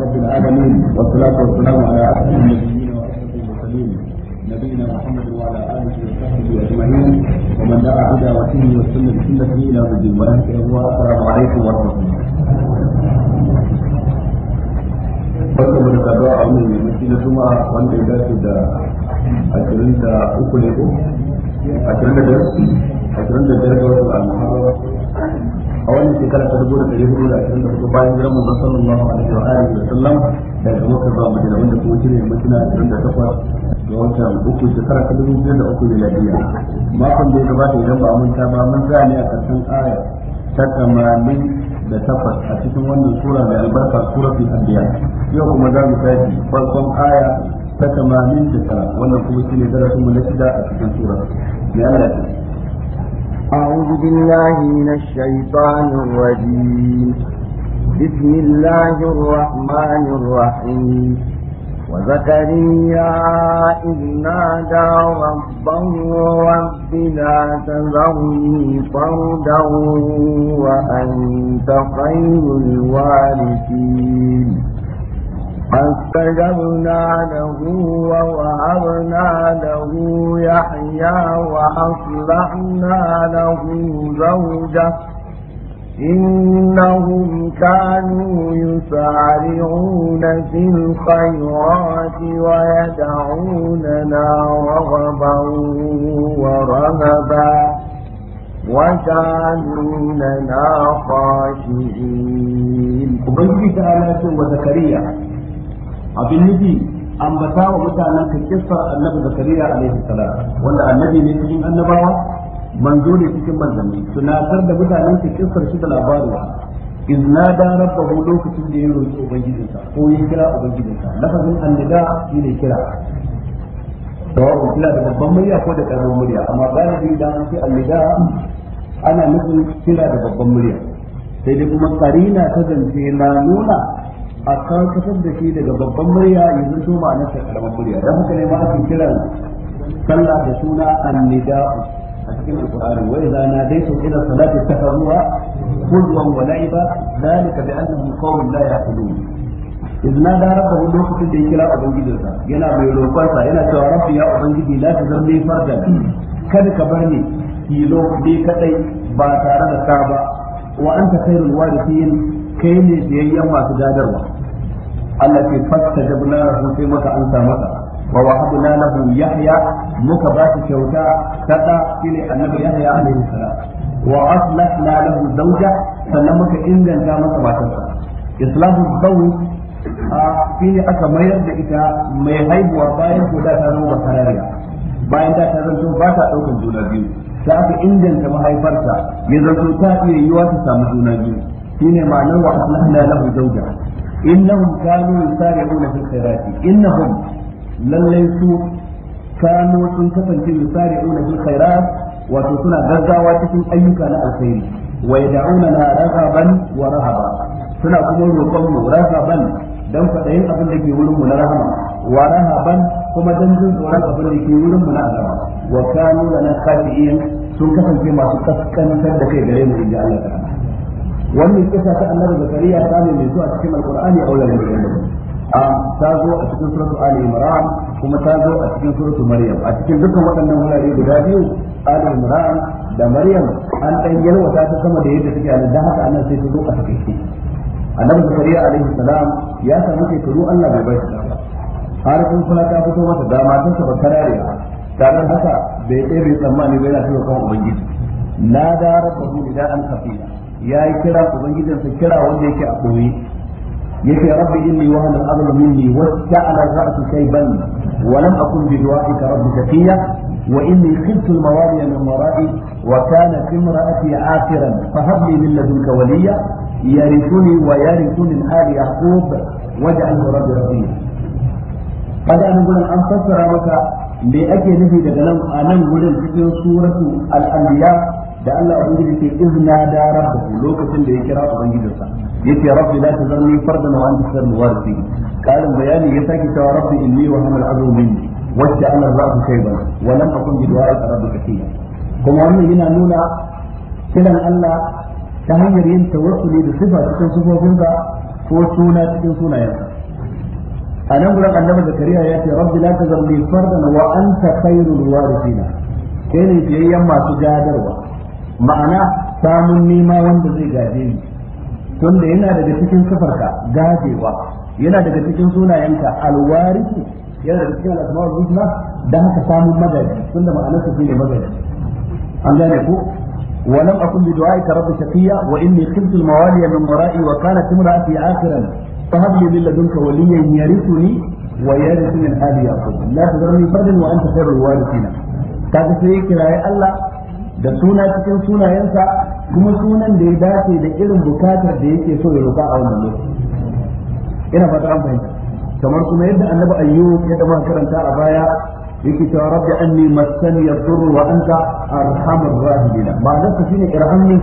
رب العالمين والصلاة والسلام على أشرف المسلمين وأشرف المرسلين نبينا محمد وعلى آله وصحبه أجمعين ومن دعا بدعوته والسنة بسنة إلى يوم الدين السلام عليكم ورحمة الله barkan mu da saduwa a wannan yammaci na juma'a wanda ya dace da ashirin da uku ne ko ashirin da biyar ashirin da biyar ga watan al-muharram a wannan shekara ta dubu da ɗari hudu da ashirin da hudu bayan jiran manzon sallallahu alaihi wa alihi wa sallam daga makka zuwa madina wanda kuma shine a ashirin da takwas da watan uku shekara ta dubu biyar da uku miladiya makon da ya gabata idan ba ta ba mun za ne a karshen aya ta tamanin da takwas a cikin wannan sura mai albarka fi anbiya yau kuma za mu tashi farkon aya ta tamanin da tara wannan kuma shine darasin mu na shida a cikin sura ya Allah أعوذ بالله من الشيطان الرجيم بسم الله الرحمن الرحيم وزكريا إذ نادى ربه رب لا تذرني فردا وأنت خير الوارثين فاستجبنا له ووهبنا له يحيى وأصلحنا له زوجه إنهم كانوا يسارعون في الخيرات ويدعوننا رغبا ورهبا وكانوا لنا خاشعين. وبين تعالى وزكريا abin nufi ambata wa mutanen ka kissar annabi zakariya alaihi salam wanda annabi ne cikin annabawa manzo ne cikin manzanni tunatar da mutanen ka kissar shi da labarin إذ sa, ko ya kira أبنجدنسا هو يكرا أبنجدنسا لفظ النداء إلى shi ne kira, da babban murya ko da ƙaramin murya amma galibi da an ce annida ana nufin kira da babban murya sai dai kuma karina ta zance na nuna a karkatar da shi daga babban murya ya zanto ma'anar ta karamar murya don haka ne ma ake kiran sallah da suna annida'u a cikin alqur'ani wa idza nadaytum ila salati takhuwa huzwan wa la'iba dalika bi annahum qawmun la yaqilun idan da rabbahu lokacin da ya kira ubangijinsa yana mai roƙonsa yana cewa rabbi ya ubangiji la tazarni fardan kada ka bar ni kilo dai kadai ba tare da ka ba wa anta khairul warithin kai ne biyayyen masu gadarwa Allah ke fasta jabna lahu sai maka an samu ka wa wahabna lahu yahya muka ba shi kyauta kada shine annabi yahya alaihi salam wa aslahna lahu zawja sannan muka inganta masa matarsa islahu zawj a shine aka mayar da ita mai haihuwa bayan ko da ta zama bakarariya bayan da ta zanto ba ta ɗaukar juna biyu sai aka inganta mahaifarta ya zanto ta iya yiwa ta samu juna biyu shine ma'anar wa aslahna lahu zawja innahum kanu yusari'una fil khairati innahum lallai su kanu sun kasance yusari'una fil khairat wato suna gaggawa cikin ayyuka na alkhairi wa yad'unana raghaban wa rahaba suna kuma roƙon mu raghaban dan fadayin abin da ke wurin mu na rahama wa rahaban kuma dan jin tsoron abin da ke wurin mu na azaba wa kanu lana khashiyin sun kasance masu kaskantar da kai gare mu inda Allah ta'ala wannan kisa ta annabi zakariya ta ne mai zuwa cikin alqur'ani a wuraren da yake a ta zo a cikin suratu ali imran kuma ta zo a cikin suratu maryam a cikin dukkan waɗannan wurare guda biyu ali imran da maryam an dan yalwa ta ta sama da yadda take a haka annabi sai ta zo a cikin shi annabi zakariya alaihi salam ya samu shekaru Allah bai bai har kun suna ta fito mata da matarsa ba karare tare haka bai tsaye bai tsammani bai na tuka kan ubangiji na da rabbahu da an kafina ya yi kira ubangijinsa kira wanda yake a ɓoye yake rabbi inni wa hal al-ardh minni wa ta'ala ra'su shayban wa lam akun bi du'aika rabbi shaqiya wa inni khiftu al-mawali min wara'i wa kanat imra'ati 'aqiran fa hab li min ladunka waliya yarithuni wa yarithu min ali yaqub waj'alhu rabbi radiya kada an gudan an fassara maka me ake nufi daga nan a nan gudan cikin suratu al-anbiya da Allah ubangiji ke izna da rabbahu lokacin da ya kira ubangijinsa yace rabbi la tazarni fardan wa anta khairul warithin karin bayani ya sake cewa rabbi inni wa hamal azmu minni wacce ana ra'u shayban wa lam akun bi du'a rabbi kathira kuma wannan yana nuna kiran Allah ta hanyar yin tawassuli da sifa cikin sifofinsa ko suna cikin sunayensa a nan gurin da zakariya ya ce rabbi la tazarni fardan wa anta khairul warithin kai ne biyayyen masu gadarwa ma'ana samun nema wanda zai gaje ni tunda yana daga cikin sifarka gajewa yana daga cikin sunayenka alwari yana daga cikin al'asma'ul husna dan haka samun magaji tunda ma'anar su ne magaji an gane ko ولم أكن بدعائك رب شقيا وإني خفت الموالي من ورائي وكانت امرأتي آخرا فهب لي من لدنك وليا يرثني ويرث من آل يعقوب لا تذرني فردا وأنت خير الوارثين kaga sai ya kiraye Allah da suna cikin sunayensa kuma sunan da ya dace da irin bukatar da yake so ya roƙa a wannan lokaci ina fata an fahimta kamar kuma yadda annabi ayyub ya dama karanta a baya yake cewa rabbi anni massani yadur wa anta arhamur rahimin ma'anar ta shine irhamni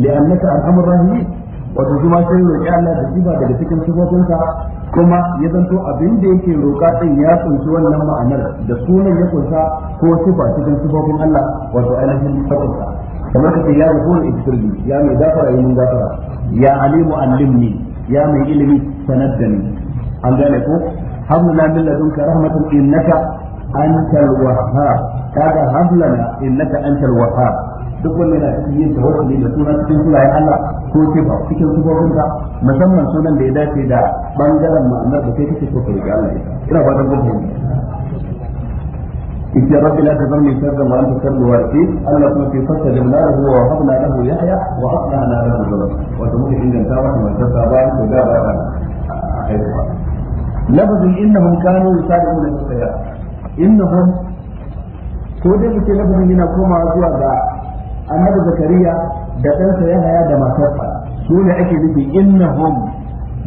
li'annaka arhamur rahimin wato kuma sai roƙi Allah da sifa daga cikin sifofinsa kuma ya zanto abin da yake roƙa din ya kunshi wannan ma'anar da sunan ya kunsa ko sifa cikin sifofin Allah wato ainihin fakunsa kamar kace ya rubu ikirbi ya mai gafara yin gafara ya alimu allimni ya mai ilimi sanar da ni an gane ko hamdulillah min ladunka rahmatun innaka antal wahhab kaga hamdulillah innaka antal wahhab duk wanda yana cikin yin tawakkali da suna cikin sunayen Allah ko sifa cikin sifofin ka musamman sunan da ya dace da bangaren ma'anar da kai kake so ka riga Allah ina ba dan gudu إذا رب لا تذرني فردا وأنت خير الوارثين ألا كنت في فصل له ووهبنا له يحيى وأصلحنا له الظلم وتموت عند التاوة والجزاء بارك وجاء لفظ إنهم كانوا يسارعون في الخيرات إنهم ko dai mu ce lafazin yana komawa zuwa ga annabi zakariya da ɗansa ya haya da matarsa su ne ake nufi innahum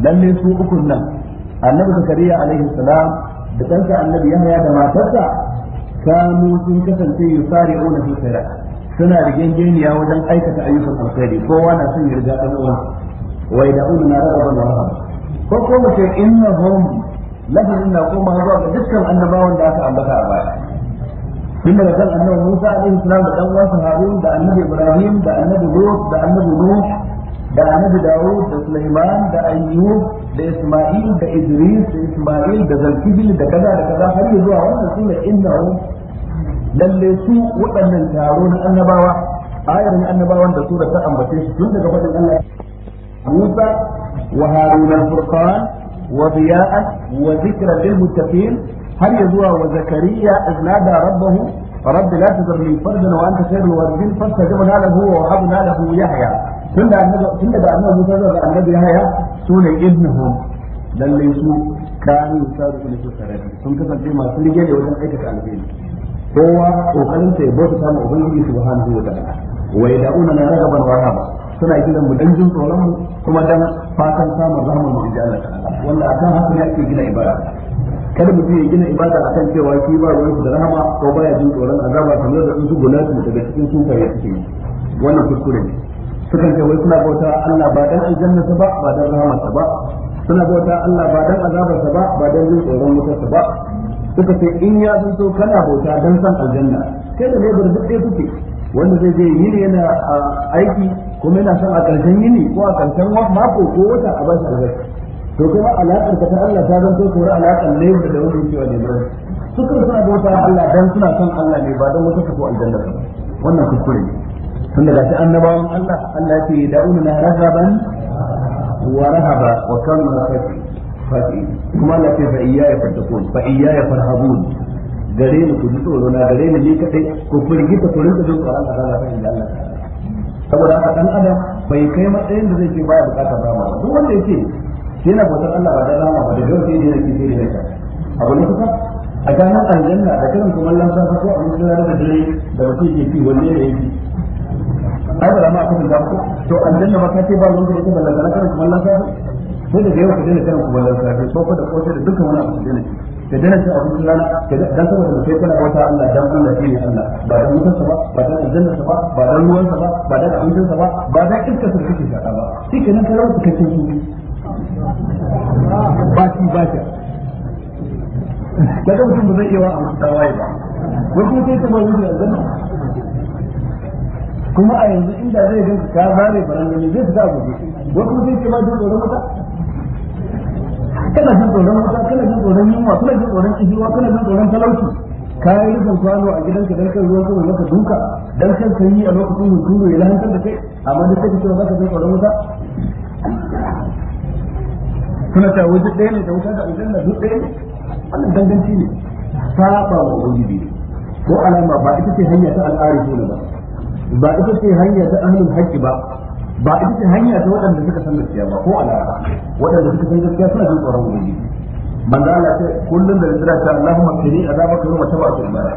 lalle su ukun nan annabi zakariya alaihi salam da ɗansa annabi ya haya da matarsa kanu sun kasance yusari'una fi khairat suna rigengeniya wajen aikata ayyukan alkhairi kowa na son ya riga ɗan uwan wa yad'una ra'aban wa rahaba ko ko mace innahum lafazin na koma zuwa ga dukkan annabawan da aka ambata a baya tun daga kan annabi Musa alaihi salam da dan uwansa Harun da annabi Ibrahim da annabi Lut da annabi Nuh da annabi Dawud da Sulaiman da Ayyub da Isma'il da Idris da Isma'il da Zulkifil da kaza da kaza har zuwa wannan sune innahu lalle su waɗannan taro na annabawa ayar na annabawan da sura ta ambace shi tun daga fadin Allah Musa wa Harun al-Furqan wa Diya'an wa zikra lil muttaqin هل يزوى وزكريا إذ نادى ربه فرب لا تذر لي فردا وأنت خير الواردين فاستجب له هو وهب له يحيى ثم بعد ما تذر أن نبي يحيى سون ابنهم لن يسوء كانوا يسادوا في نسوء سرعة ثم كثر فيما سلجي لي وزن أيكة كان هو أخلم سيبوت سامع أبنه سبحانه وتعالى ويدعون من رغبا ورهبا suna gidan mu dan ثم tsoron mu kuma dan fatan samun rahama mu ji Allah ta'ala kada mutum ya gina ibada akan cewa shi ba ruwan da rahama ko baya jin tsoron azaba kamar da su gunatu daga cikin sufaye suke yi wannan kuskure ne sukan ce wai suna bauta Allah ba dan aljanna ba ba dan ta ba suna bauta Allah ba dan azabarsa ba ba dan jin tsoron ta ba suka ce in ya san to kana bauta dan san aljanna kai da ne bar duk dai kuke wanda zai je yini yana aiki kuma yana son a ƙarshen yini ko a ƙarshen mako ko wata a ba shi albarka to kuma alaƙar ta Allah ta zanto kamar alaƙar ne da wani cewa ne ba su kuma suna bauta Allah dan suna son Allah ne ba dan wata kafa aljanna ba wannan kuskure tun da gashi annabawan Allah Allah ya ce da'una na rahaban wa rahaba wa kan marafati fati kuma Allah ce fa iyaya fatakun fa iyaya farhabun gare ni ku ji tsoro na gare ni ni kadai ku firgita ku rinka jin tsoron Allah ta Allah saboda haka dan adam bai kai matsayin da zai ce baya bukatar ba, duk wanda yake yana bautar Allah ba da rama ba da yau sai yana kifi da yaka abu ne kusa a ganin aljanna da kiran kumallon safa ko a mutum da dare da mutum yake fi wanne ne yake ai ba rama akan da ko to aljanna ba ka ce ba wanda yake da lalla kiran kumallon safa sai da yau ka dena kiran kumallon safa ko ko da ko da dukkan wani abu da yake ka dana cin abincin rana dan saboda mutai kana bauta Allah dan Allah shi ne Allah ba dan mutan sa ba ba dan aljanna sa ba ba dan ruwan sa ba ba dan abincin sa ba ba dan iskar sa kake ba shi kenan ka rawu kake ba shi ba shi kaga mutum ba zai iya wa amma tawaye ba wani kuma sai ta mai wuce aljanna kuma a yanzu inda zai ganka ka zare barangani zai fita a gobe wani kuma sai ce ma jin tsoron mata kana jin tsoron mata kana jin tsoron yunwa kana jin tsoron ihiwa kana jin tsoron talauci ka yi rufin kwano a gidanka dan kan ruwan sama maka duka dan kan sanyi a lokacin hunturu ya lahantar da kai amma duk kake ba zaka san tsoron wuta kuna ta wajen ɗaya ne da wuta da aljanna duk ɗaya ne wannan danganci ne saba wa ubangiji ko alama ba ita ce hanya ta al'arifuna ba ba ita ce hanya ta ahlul haqqi ba ba ita ce hanya ta waɗanda suka san gaskiya ba ko alama waɗanda suka san gaskiya suna jin tsoron ubangiji manzo Allah ce kullun da rindira ta Allahumma kini azabaka yawma tabatu al-mara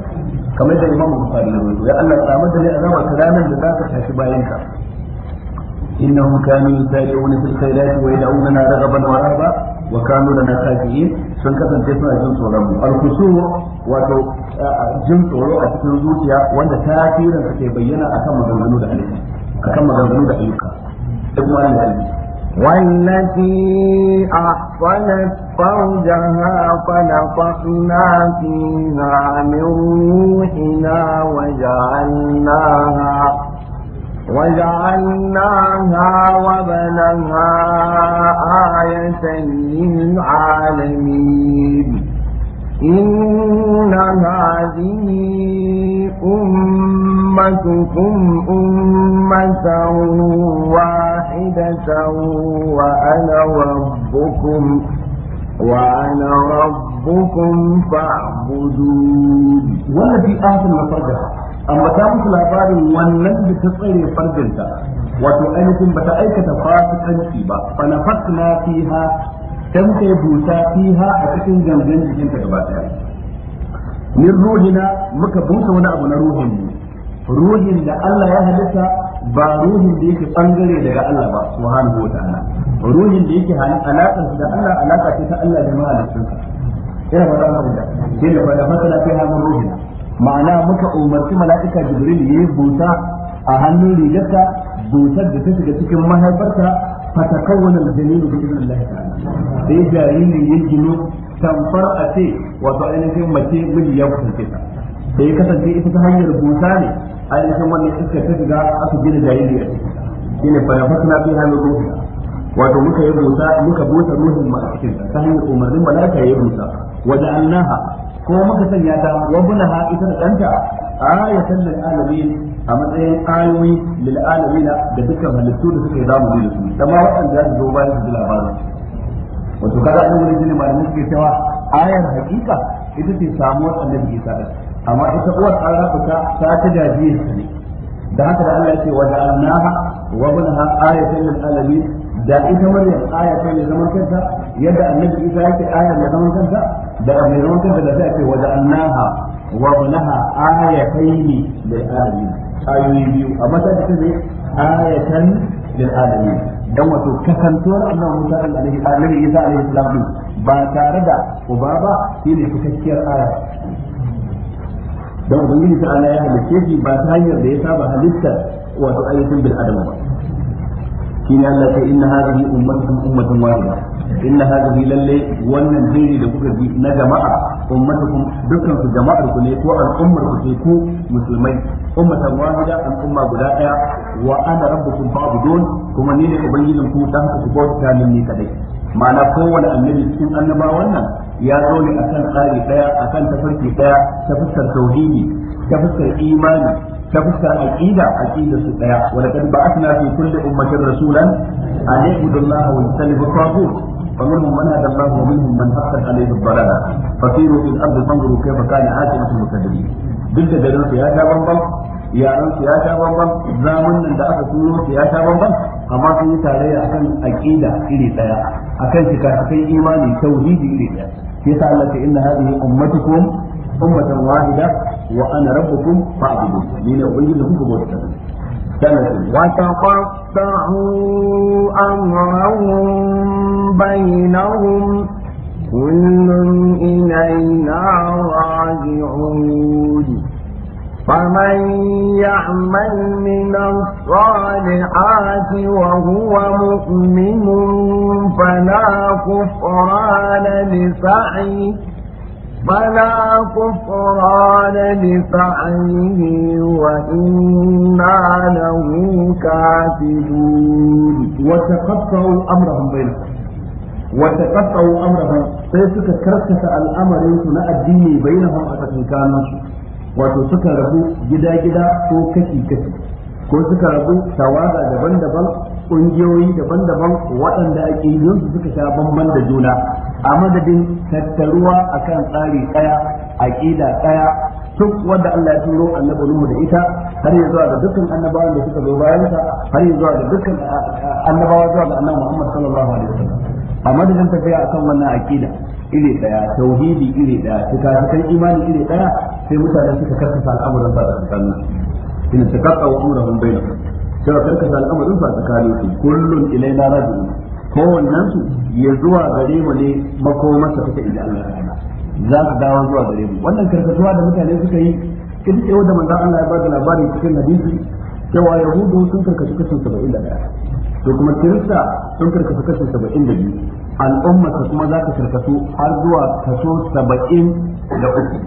kamar da Imam Bukhari ya rawaito ya Allah tsamar da ni azabaka ranar da zaka tashi bayan ka إنهم كانوا يسارعون في الخيرات ويدعوننا رغبا ورهبا وكانوا لنا خاشعين sun kasance suna jin tsoron mu alkusur wato jin tsoro a cikin zuciya wanda tasirin sa ke bayyana akan maganganu da ayyuka akan maganganu da والتي أحصنت فرجها فنفخنا فيها من روحنا وجعلناها وجعلناها وبنها آية للعالمين إن هذه أمتكم أمة واحدة وأنا ربكم وأنا ربكم فاعبدون والذي آتى مفرجها ta musu labarin wannan da ta tsare farjinta wato ainihin ba ta aikata fasikanci ba fa nafatna fiha dan ta buta fiha a cikin gangan jikinta gaba daya min ruhina muka busa wani abu na ruhin mu ruhin da Allah ya halitta ba ruhin da yake bangare daga Allah ba subhanahu wataala ruhin da yake alaƙar da Allah alaƙa ce ta Allah da mahalicinsa ina ba da mu da ke da fa da masala fiha min ruhina ma'ana muka umarci mala'ika jibril yi busa a hannun rigarta busar da ta shiga cikin mahaifarta fatakawwana aljanilu bi idnillah ta'ala sai jaririn ya gino tamfar a ce wato ainihin mace miji ya kusance ta da ya kasance ita ta hanyar busa ne ainihin wannan iska ta shiga aka gina jariri a cikin shine fa nafasna fi hanu ruhi wato muka yi busa muka busa ruhin ma ta hanyar umarnin mala'ika ya busa wa ja'alnaha ko muka sanya ta wa bunaha ita da danta ayatan lil alamin a matsayin ayoyi lil alamin da dukkan halittu da suka yi zamani da su amma waɗanda za zo bayan su ji wato kaga an wuri ne malamin suke cewa ayar hakika ita ce samuwar annabi da amma ita uwar an ta ta gajiyar sa ne da haka da Allah ya ce wa ja'alnaha wa ayatan lil alamin da ita maryam ayatan lil zaman kanta yadda annabi isa yake ayar da zaman kanta da mai zaman kanta da zai ake waje annaha wa bunaha ayataini lil alamin ayoyi biyu amma ta ce ne ayatan lil alamin dan wato kasantuwar annabi Musa alaihi alaihi isa alaihi salam ba tare da uba ba shine cikakkiyar aya dan ubangiji ta ala ya halice shi ba ta hanyar da ya saba halittar wato ayyukan bil adam ba shine Allah sai inna hadhihi ummatukum ummatan wahida inna hadhihi lalle wannan jeri da kuka na jama'a ummatukum dukkan su jama'ar ku ne ko al'ummar ku ce ku musulmai ummatan wahida al'umma guda daya wa ana rabbukum fa'budun kuma ni ne ubangijin ku dan ku bauta min ni kadai ma'ana kowane annabi cikin annabawan nan ya zo ne akan tsari daya akan tafarki daya ta fuskar tauhidi ta fuskar imani ta fuskar aqida aqida su daya wa laqad ba'athna fi kulli ummatin rasulan an ya'budu Allah wa yajtanibu at-taghut فمنهم من هدى الله ومنهم من حقت عليه الضلالة فسيروا في الأرض فانظروا كيف كان عاقبة المكذبين duk da garin su ya sha bambam yaran su ya sha bambam zamanin da aka turo su ya sha bambam amma sun yi tarayya akan aqida iri daya akan shika akan imani tauhidi iri daya sai ta Allah ta inna hadhihi ummatukum ummatan wahida wa ana rabbukum fa'budu ni ne ubangiji kuka gode ta kana ce wa taqta'u amrahum bainahum kullun ilayna raji'un فمن يعمل من الصالحات وهو مؤمن فلا كفران لسعيه فلا كفران لسعيه وإنا له كاتبون وتقطعوا أمرهم بينهم وتقطعوا أمرهم فيسك كركس الأمر يسنى الدين بينهم أتكنكانهم wato suka rabu gida-gida ko kashi-kashi ko suka rabu tawaga daban-daban ƙungiyoyi daban-daban waɗanda ake yi su suka sha bamban da juna a madadin tattaruwa akan tsari daya aqida daya duk wanda Allah ya turo annabi mu da ita har ya zuwa ga dukkan annabawan da suka zo bayan sa har ya zuwa ga dukkan annabawa zuwa ga annabi Muhammad sallallahu alaihi wasallam a madadin tafiya akan wannan aqida iri daya tauhidi iri daya cikakken imani iri daya sai mutane suka karkasa al'amuran sa tsakanin in takatta wa amrahum bainahum sai karkasa al'amuran sa tsakanin kullun ilaina raji'un kowannen su ya zuwa gare mu ne makomarsa suka inda Allah ta'ala za su dawo zuwa gare mu wannan karkatuwa da mutane suka yi ita ce wanda manzon Allah ya ba da labari cikin hadisi cewa yahudu sun karkasu kashi 71 to kuma kirista sun karkasu kashi saba'in da biyu al'ummarsa kuma za ta karkasu har zuwa kaso saba'in da uku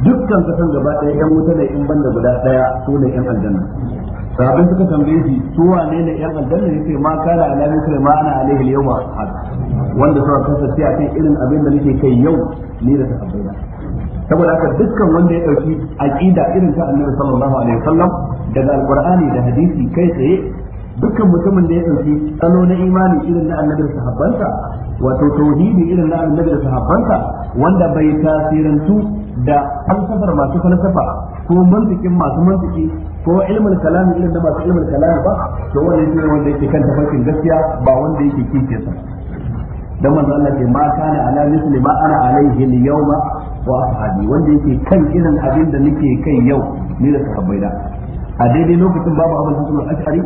dukkan kasan gaba ɗaya ƴan wuta ne in banda guda ɗaya su ne yan aljanna sahabbai suka tambaye shi su wane ne ƴan aljanna yace ma kana ala misli ma ana alaihi al-yawma ashab wanda suka kasance a kan irin abin da nake kai yau ni da sahabbai saboda haka dukkan wanda ya dauki aqida irin ta annabi sallallahu alaihi wasallam daga alqur'ani da hadisi kai tsaye dukkan mutumin da ya dauki tsalo na imani irin na annabi sahabbansa wato tauhidi irin na annabi sahabbansa wanda bai tasirantu da falsafar masu falsafa ko mantikin masu mantiki ko ilmin kalamin irin da masu ilmin kalamin ba to wannan ne wanda yake kan tafarkin gaskiya ba wanda yake kike sa dan manzo Allah ke ma kana ala misli ma ana alaihi al-yawma wa ashabi wanda yake kan irin abin da nake kai yau ni da sahabbaina a daidai lokacin babu abin hasan al-ashari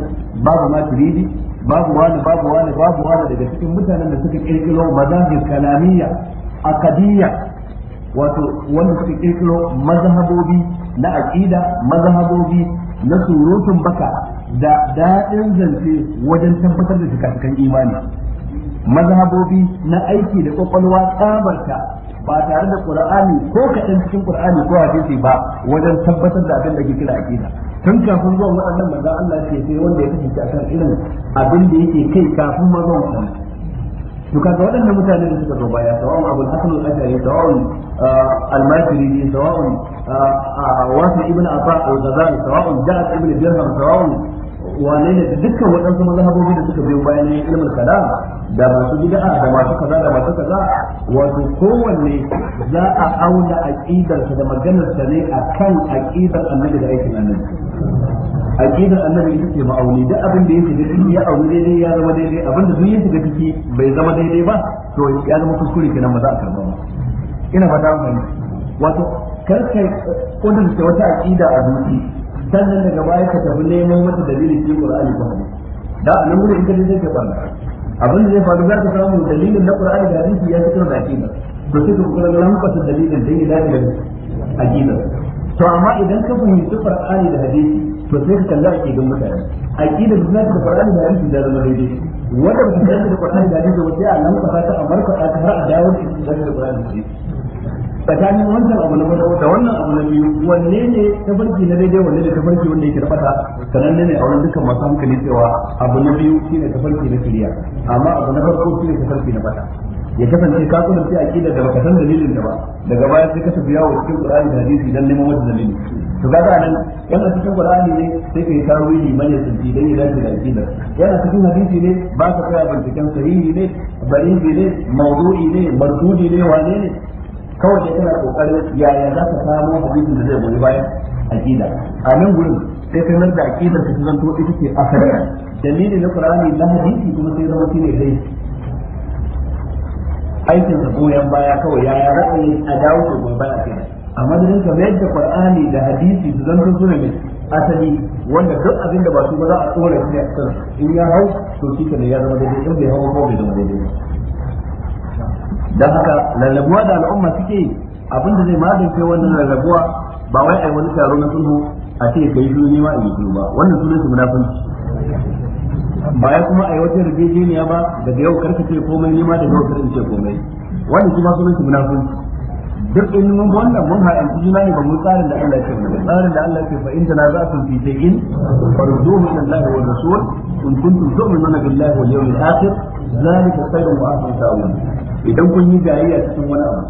babu ma turidi babu wani babu wani babu wani daga cikin mutanen da suka kirkiro mazahir kalamiyya akadiyya wato wanda suka kirkiro mazhabobi na aqida mazhabobi na surutun baka da daɗin zance wajen tabbatar da shikasikan imani mazhabobi na aiki da kwakwalwa tsabarta ba tare da qur'ani ko kaɗan cikin qur'ani ko hadisi ba wajen tabbatar da abin da ke kira aqida tun kafin zuwa waɗannan manzon Allah ce sai wanda ya kasance akan irin abin da yake kai kafin mazan to kaga waɗannan mutane da suka zo baya sawa'un abul hasan al-ashari sawa'un ah, al-maturidi sawa'un ah, ah, wasu ibn afa al-ghazali sawa'un ja'ad ibn dirham sawa'un wane ne da dukkan waɗansu mazhabobi da suka biyo bayan ilmin kalam da masu bid'a da masu kaza da masu kaza wato kowanne za a auna aqidarsa da maganar maganarsa ne akan aqidar annabi da aikin annabi aqidar annabi ita ce ma'auni duk abin da ya shiga ciki ya auri daidai ya zama daidai abin da duk ya shiga ciki bai zama daidai ba to ya zama kuskure kenan ba za a karba ba ina fata an wato kar kai kodin ce wata aqida a zuci sannan daga baya ka tafi neman mata dalilin cikin Qur'ani ko hadisi da nan gurin in zai je ka barna abin da zai faru za ka samu dalilin na Qur'ani da hadisi ya fitar da aqida to sai ka kuma lambata dalilin da ya dace da aqida to amma idan ka fahimci Qur'ani da hadisi to sai ka kalla aqidan mutane aqidan da zaka Qur'ani da hadisi da zama daidai wanda ba ka da Qur'ani da hadisi wace a nan ka ta amarka a har a dawo da zaka Qur'ani da tsakanin wancan abu na farko da wannan abu na biyu wanne ne tafarki na daidai wanne ne tafarki wanda yake rabata sanan ne a wurin dukkan masu hankali cewa abu na biyu shine tafarki na kiriya amma abu na farko shine tafarki na bata ya kasance ka kudurce aqida da baka san dalilin da ba daga baya sai ka tafi yawo cikin qur'ani da hadisi dan neman wata dalili to kaga anan yana cikin qur'ani ne sai kai tawili man ya tsinci dan ya dace da aqida yana cikin hadisi ne ba ka kai binciken sahihi ne barihi ne mawdu'i ne mardudi ne wane ne kawai dai kana kokarin yaya za ka samu hadisin da zai goyi baya aqida a nan gurin sai kai mar da aqidar ka zanto ita ce asali dalilin na qur'ani na hadisi kuma sai zama shine dai aikin sa goyon baya kawai ya ra'ayi a dawo da goyon baya kai a madadin ka mai da qur'ani da hadisi su zan zo ne asali wanda duk abin da ba su ba za a tsora shi a kan in ya hau to shi ne ya zama daidai in bai hau ko bai zama daidai dan haka lalabuwa da al'umma suke abinda zai magance wannan lalabuwa ba wai ai wani taro na sulhu a ce kai shiru ma a yi ba wannan sunan su munafunci ba ya kuma a yi wata yarjejeniya ba daga yau karka ce komai ni ma da yau karka ce komai wani kuma sunan shi munafiki duk in mun wannan mun haɗa juna ne ba mun tsarin da Allah ya ce ba tsarin da Allah ya ce fa in tanaza'tum fi shay'in farduhu ila Allah wa rasul in kuntum tu'minuna billahi wal yawmil akhir zalika khairun wa ahsanu ta'wil idan kun yi jayayya cikin wani abu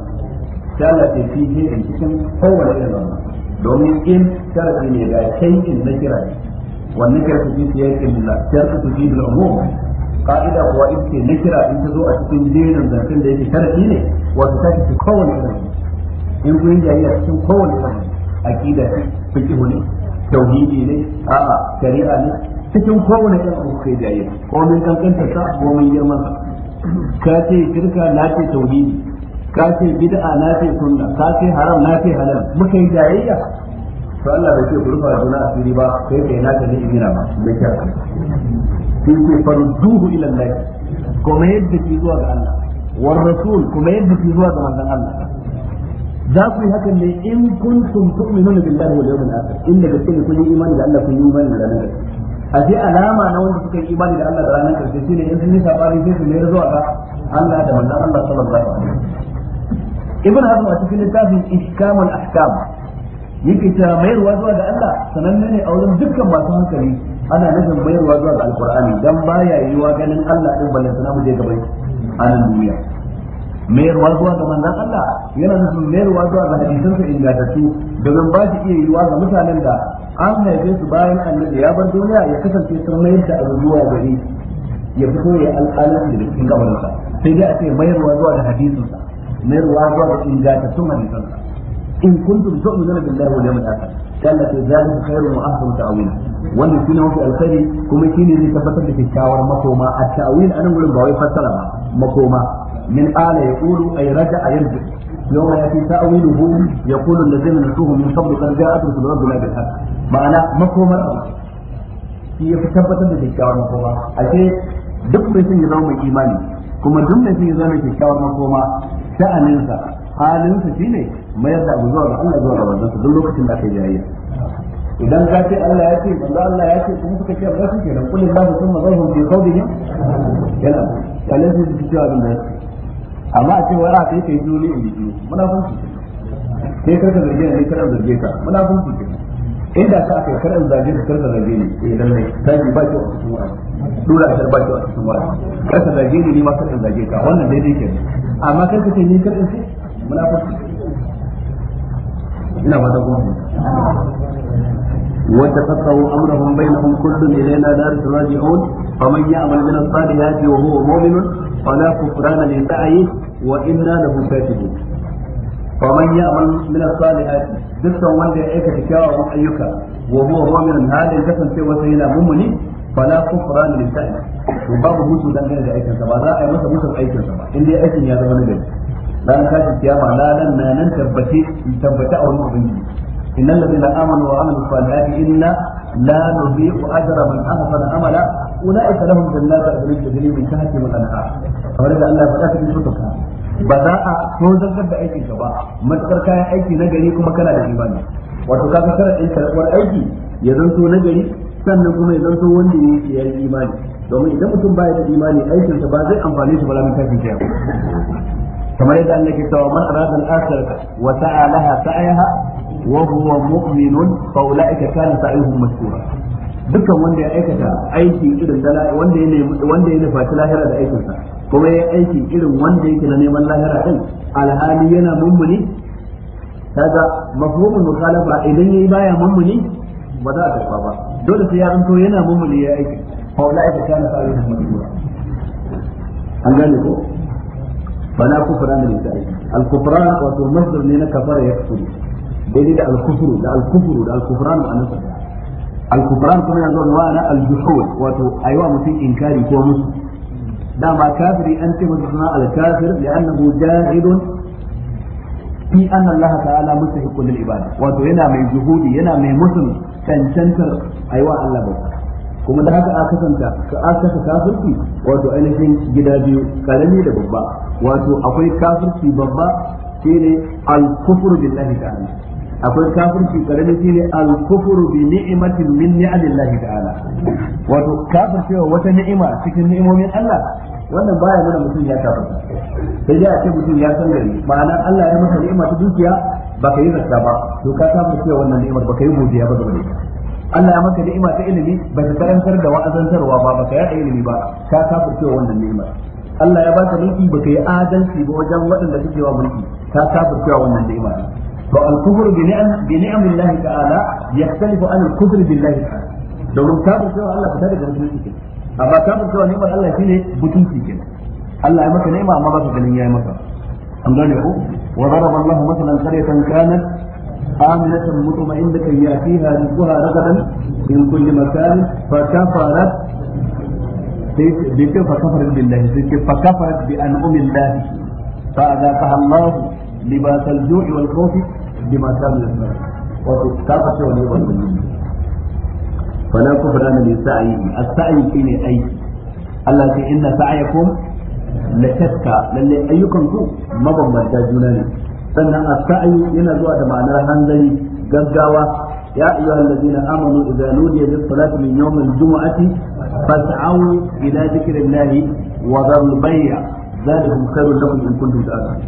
sai Allah ya fi shay'in cikin kowane irin abu domin in sharadi ne ga shay'in na kira والنكرة في سياق الشرط تجيب العموم قاعدة هو إبك نكرة إن تزوء تكون دين الزنسان ليك شرطي لي وتتاكي في قول إبراهيم إن كنت هي تكون قول إبراهيم أكيد فكه لي توحيدي لي آه شريعة لي تكون قول إبراهيم كي دعيه قوم كان كنت تسعب ومن يرمان كاتي شركة لا تتوحيدي ka ce bid'a na ce sunna ka ce haram na ce halal muka yi jayayya to Allah bai ce ku rufa juna asiri ba kai kai na ta ne imina ba bai ce sai ce farduhu ila Allah kuma yadda ki zuwa ga Allah war rasul kuma yadda ki zuwa ga manzon Allah za ku yi hakan ne in kuntum tu'minuna billahi wal yawmil akhir inda gaske ne kun yi imani da Allah kun yi imani da ranar a sai alama na wanda suka yi imani da Allah da ranar karshe shine in sun yi sabani sai su mayar zuwa ga Allah da manzon Allah sallallahu alaihi wasallam ibn hazm a cikin littafin ihkamul ahkam yake ta mayarwa zuwa ga Allah sananne ne a wurin dukkan masu hankali ana nufin mayarwa zuwa ga alqur'ani dan baya yiwa ganin Allah din balle sana mu je gaban a nan duniya mayarwa zuwa ga manzon Allah yana nufin mayarwa zuwa ga hadisansa ingantattu domin ba shi iya yiwa ga mutanen da an haife su bayan annabi ya bar duniya ya kasance sun mayar da abu gari ya fito ya alƙalanci da cikin gabarinsa sai dai a ce mayarwa zuwa ga sa mayarwa zuwa ga ingantattun hadisansa in kuntum tu'minuna billahi wal yawmil akhir kalla ta zalika khairun wa ahsanu ta'wila wannan shine mafi alkhairi kuma shine zai tabbatar da kyakkyawar makoma a ta'wil anan gurin ba wai fassara ba makoma min ala yaqulu ay raja'a yarji يوم يأتي تأويله يقول الذين نسوه من قبل قد جاءت رسل ربنا بالحق معنى مكومة shi ya fi tabbatar da kyakkyawar makoma ashe duk mai son ya zama mai imani kuma duk mai son ya zama mai makoma sha'aninsa halinsa shine mayar da abu zuwa ga Allah zuwa ga manzon duk lokacin da kai jayayya idan ka ce Allah ya ce manzo Allah ya ce kuma suka ce ba su ke nan kullum babu sun mazahum bi qawlihim yana kalin su su cewa abin da ya amma a ce wai a kai kai juli in biyu munafiki sai karka zarge ne karka zarge ka munafiki inda ka kai karan zage da karka zarge ne idan ne zage ba ki a cikin dole a ba ki a cikin karka zarge ne ma karka zage ka wannan daidai kenan amma karka ce ni karka ce munafiki ina ba da wanda ta tsawo amurahun bainahun kullum ne na dar su raji a wani faman yi amal min asali ya ce wa huwa mominun fala ku furana ne ta ayi wa inna da buka ta ji faman yi amal min asali ya ce dukkan wanda ya aikata kyawawan ayyuka wa huwa mominun halin kasancewa sai yana mummuni fala ku furana ne ta ayi to babu mutu dangane da aikinsa ba za a yi masa mutum aikinsa ba inda ya aikin ya zama na gari ran kashi kiyama ladan na nan tabbace tabbata a wurin ubangiji innal ladina amanu wa amilus salihati inna la nudhi'u ajra man ahsana amala ulaika lahum jannatu adnin tajri min tahtiha al-anhar kamar da Allah faɗa cikin sutuka ba za a so zangar da aikin ka ba matukar kayan aiki na gari kuma kana da imani wato kaga sharadin karɓar aiki ya zanto na gari sannan kuma ya zanto wanda yake yayin imani domin idan mutum baya da imani aikinsa ba zai amfane shi ba lamin tashin kiyama kamar yadda Allah ke cewa man arada al-akhirah wa sa'a laha sa'yaha wa huwa mu'minun fa ulaika kana sa'yuhum mashkura dukkan wanda ya aikata aiki irin da wanda ya nemi wanda ya nufaci lahira da aikinsa kuma ya aiki irin wanda yake na neman lahira din alhali yana mummuni kaga mafhumul mukhalafa idan yayi baya mummuni ba za a karba ba dole sai ya zanto yana mummuni ya aiki fa ulaika kana sa'yuhum mashkura an gane ko فلا كفران للكافر الكفران وهو مصدر من كفر يكفر دليل الكفر ده الكفر ده الكفران معناه الكفران كما يقول وانا الجحود وهو ايوا متين انكاري كو مسو دام كافري انت مدنا الكافر لانه جاهد في ان الله تعالى مستحق للعباده وهو هنا من جهودي هنا من مسلم كان شنكر ايوا الله بك kuma da haka aka kasanta ka aka kasa kafirci wato ainihin gida biyu karami da babba wato akwai kafirci babba shine al-kufru billahi ta'ala akwai kafirci karami shine al-kufru bi ni'matin min ni'amillahi ta'ala wato kafircewa wata ni'ima cikin ni'imomin Allah wannan baya nuna mutum ya kafirta sai dai a ce mutum ya san gari ma'ana Allah ya masa ni'ima ta dukiya baka yi zakka ba to ka kafircewa wannan ni'imar baka yi godiya ba da ita Allah ya maka ni'ima ta ilimi ba ta karantar da wa'azantarwa ba baka yada ilimi ba ka kafircewa wannan ni'imar Allah ya baka mulki ba baka yi adalci ba wajen waɗanda kake wa mulki ka kafircewa wannan ni'ima to al-kufru bi ni'am bi ni'amillah ta'ala yahtalifu an al-kufru billahi ta'ala domin kafircewa Allah ba ta daga mutunci kenan amma kafircewa ni'imar Allah shine mutunci kenan Allah ya maka ni'ima amma ba baka ganin yayi maka an gane ko wa daraba Allah masalan qaryatan kanat آمنة مطمئنة يأتيها رزقها رغدا من كل مكان فكفرت بكيف فكفرت بالله فكفرت بأنعم الله فأذاقها الله لباس الجوع والخوف بما كانوا يسمعون وتكافت واليوم فلا كفران لسعيه السعي فيني أي الله إن سعيكم لشتى لأن أيكم مبمبتا جناني sannan as-sa'yu yana zuwa da ma'anar hanzari gaggawa ya ayyuha allazina amanu idza nudiya lis-salati min yawm al-jum'ati fas'au ila dhikrillahi wa dharul bay'a dhalikum khairun lakum in kuntum ta'lamun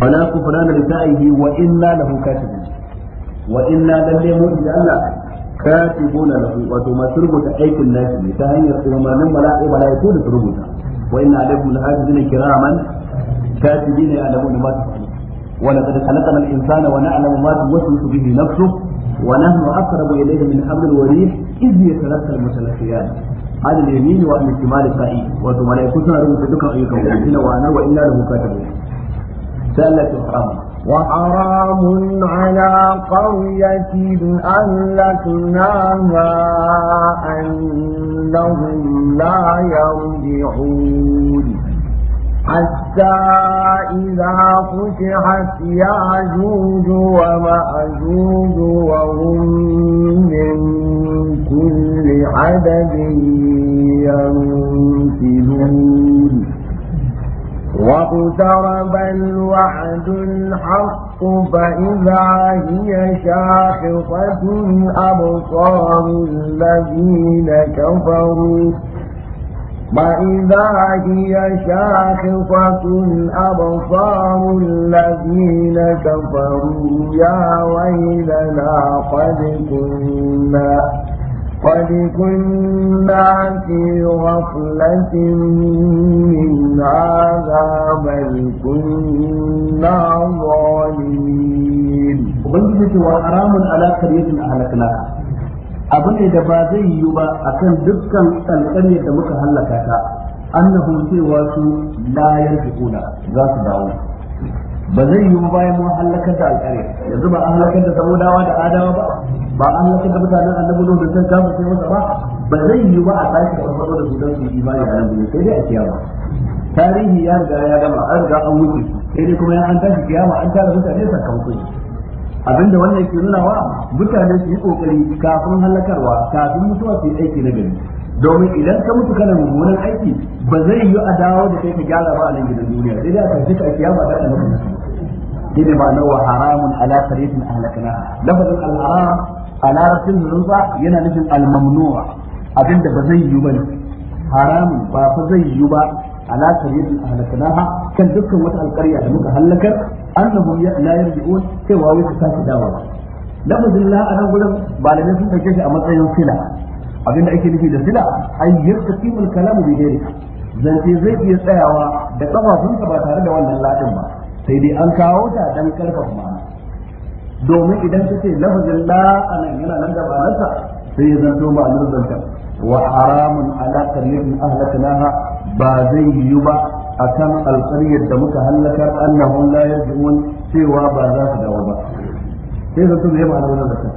fala kufrana li sa'ihi wa inna lahu katibun wa inna lalle mu da Allah katibuna lahu wato masu rubuta aikin nashi ne ta hanyar umarnin mala'iku mala'iku da su rubuta wa inna alaikum lahafizina kiraman كاتبين يعلمون ما تفعلون ولقد خلقنا الإنسان ونعلم ما توسوس به نفسه ونحن أقرب إليه من حبل الوريد إذ يتلقى المتلقيان عن اليمين وعن الشمال قائل وثم لا يكون رؤوس دكا أيكم وأنا وإلا له كاتبون سألت حرام وحرام على قرية أهلكناها أنهم لا يرجعون حتى إذا فتحت يعجوج ومأجوج وهم من كل عدد ينفذون واقترب الوعد الحق فإذا هي شاخصة أبصار الذين كفروا وإذا هي شاخصة أبصار الذين كفروا يا ويلنا قد كنا قد كنا في غفلة من هذا بل كنا ظالمين وبنجد وحرام على قرية أهلكناها abu ne da ba zai yiwu ba akan dukkan kankane da muka hallaka ta annahum cewa su la yarjiuna za su dawo ba zai yiwu ba bayan mun hallakar da alƙare yanzu ba an halakar da samudawa da adawa ba ba an halakar da mutanen annabi da san kamu sai wata ba ba zai yiwu ba a tashi da farko da gudan su imani da annabi sai dai a kiyama tarihi ya riga ya gama an riga an wuce sai dai kuma ya an tashi kiyama an tara mutane sakamakon abinda wannan ke nuna mutane su yi kokari kafin halakarwa kafin mutuwa su yi aiki na gari domin idan ka mutu kana mummunan aiki ba zai yi a dawo da kai ka gyara ba a nan gidan duniya sai dai a karshe ka kiyama da Allah ne ne ma'anar wa haramun ala tarihin ahlakana lafazin al-haram a yana nufin al-mamnu'a abinda ba zai yi ba ne haramun ba fa zai yi ba ala tarihin ahlakana kan dukkan wata alƙarya da muka halakar annahum la yarji'un cewa wai ta sake dawowa lafazin la a nan gurin malamai sun ɗauke shi a matsayin sila abinda ake nufi da sila an yaqtimul kalamu bi Zan zance zai iya tsayawa da kafafunsa ba tare da wannan ladin ba sai dai an kawo ta dan karfafa ma domin idan ka ce lafazin la a nan yana nan da balansa sai ya zanto ma'anar ta. wa haramun ala kalimin ahlaknaha ba zai yiwu ba akan alƙaryar da muka hallakar annahum la yarjuun cewa ba za su dawo ba sai da su ne ba nan da su